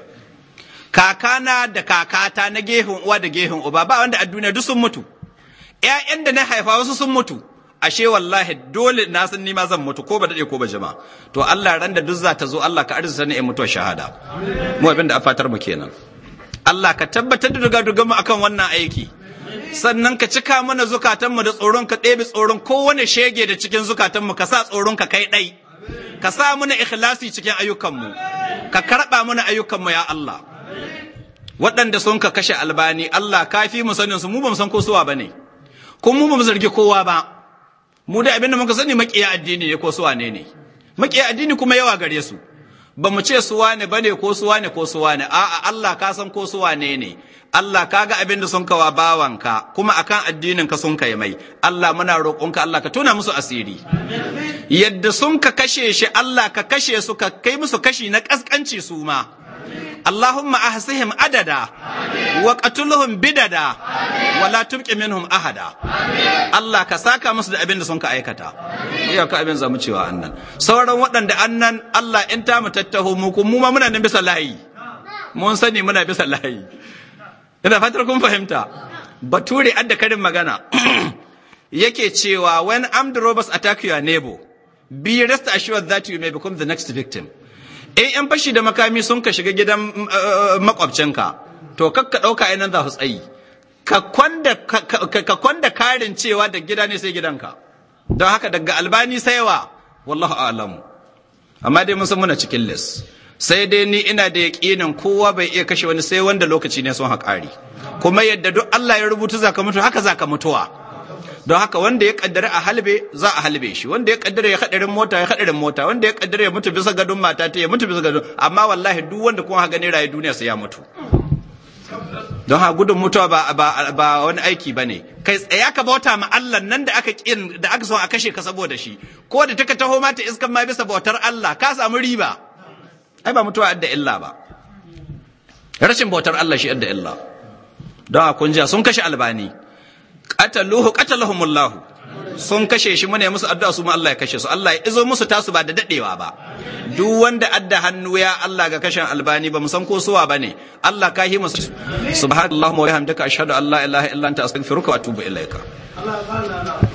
kakana da kakata na gehen uwa da gehen uba ba wanda a duniya duk sun mutu ƴaƴan da na haifa wasu sun mutu ashe wallahi dole na san ni ma zan mutu ko ba dade ko ba jama to Allah ran da duk za ta zo Allah ka arzuta ni in a shahada mu abin da a fatar mu kenan Allah ka tabbatar da dugadugan mu akan wannan aiki sannan ka cika mana zukatanmu da tsoron ka ɗebe tsoron kowane shege da cikin zukatanmu ka sa tsoron ka kai ɗai ka sa mana ikhlasi cikin ayyukanmu ka karɓa mana ayyukanmu ya Allah waɗanda sun ka kashe albani Allah kafi mu sanin su mu ba mu san ko suwa ne. ko mu ba mu zargi kowa ba mu da abin da muka sani maƙiya addini ne ko ne ne Maƙiya addini kuma yawa gare su ba mu ce ne ba bane ko suwa ne ko suwa ne a'a Allah ka san ko suwa ne ne Allah ka ga abin da sun kawa bawanka kuma akan addinin ka sun kai mai Allah muna roƙonka Allah ka tuna musu asiri yadda sun ka kashe shi Allah ka kashe su ka kai musu kashi na ƙasƙanci su ma Allahumma ahsihim adada wa qatuluhum bidada wa la tubqi minhum ahada Allah ka saka musu da abin sun ka aikata iya ka abin zamu cewa annan sauran waɗanda annan Allah in ta mu tattaho mu kun muna bisa layi mun sani muna bisa layi ina fatar kun fahimta bature adda karin magana [CLEARS THROAT] yake cewa when armed robbers attack your neighbor be rest assured that you may become the next victim in eh, yan fashi da makami sun ka shiga gidan mm, eh, eh, makwabcinka to kakka ɗauka ainihin za su tsayi ka kwanda karin cewa da gida ne sai gidanka don haka daga albani saiwa wallahu alamu amma dai mun san muna cikin lis sai dai ni ina da yaƙinin kowa bai iya kashe wani sai wanda lokaci ne sun haƙari kuma yadda duk Allah ya rubuta zaka mutu haka zaka mutuwa don haka wanda ya kaddara a halbe za a halbe shi wanda ya kaddara ya hadarin mota ya hadarin mota wanda ya kaddara ya mutu bisa gadon mata ta ya mutu bisa gadon amma wallahi duk wanda kuma ha gane rayu duniya sai ya mutu don ha gudun mutuwa ba ba ba wani aiki bane kai tsaya ka bauta ma Allah nan da aka kin da aka so a kashe ka saboda shi ko da taka taho mata iskan ma bisa bautar Allah ka samu riba ai ba mutuwa adda illa ba rashin bautar Allah shi adda illa don kun ji sun kashe albani qataluhu qatalahumullahu sun kashe shi mune musu addu'a su ma Allah ya kashe su Allah ya izo musu tasu ba da dadewa ba duk wanda adda hannu ya Allah ga kashin albani ba mu san ko suwa bane Allah ka hi musu subhanallahumma wa bihamdika ashhadu an la ilaha illa anta astaghfiruka wa atubu ilaika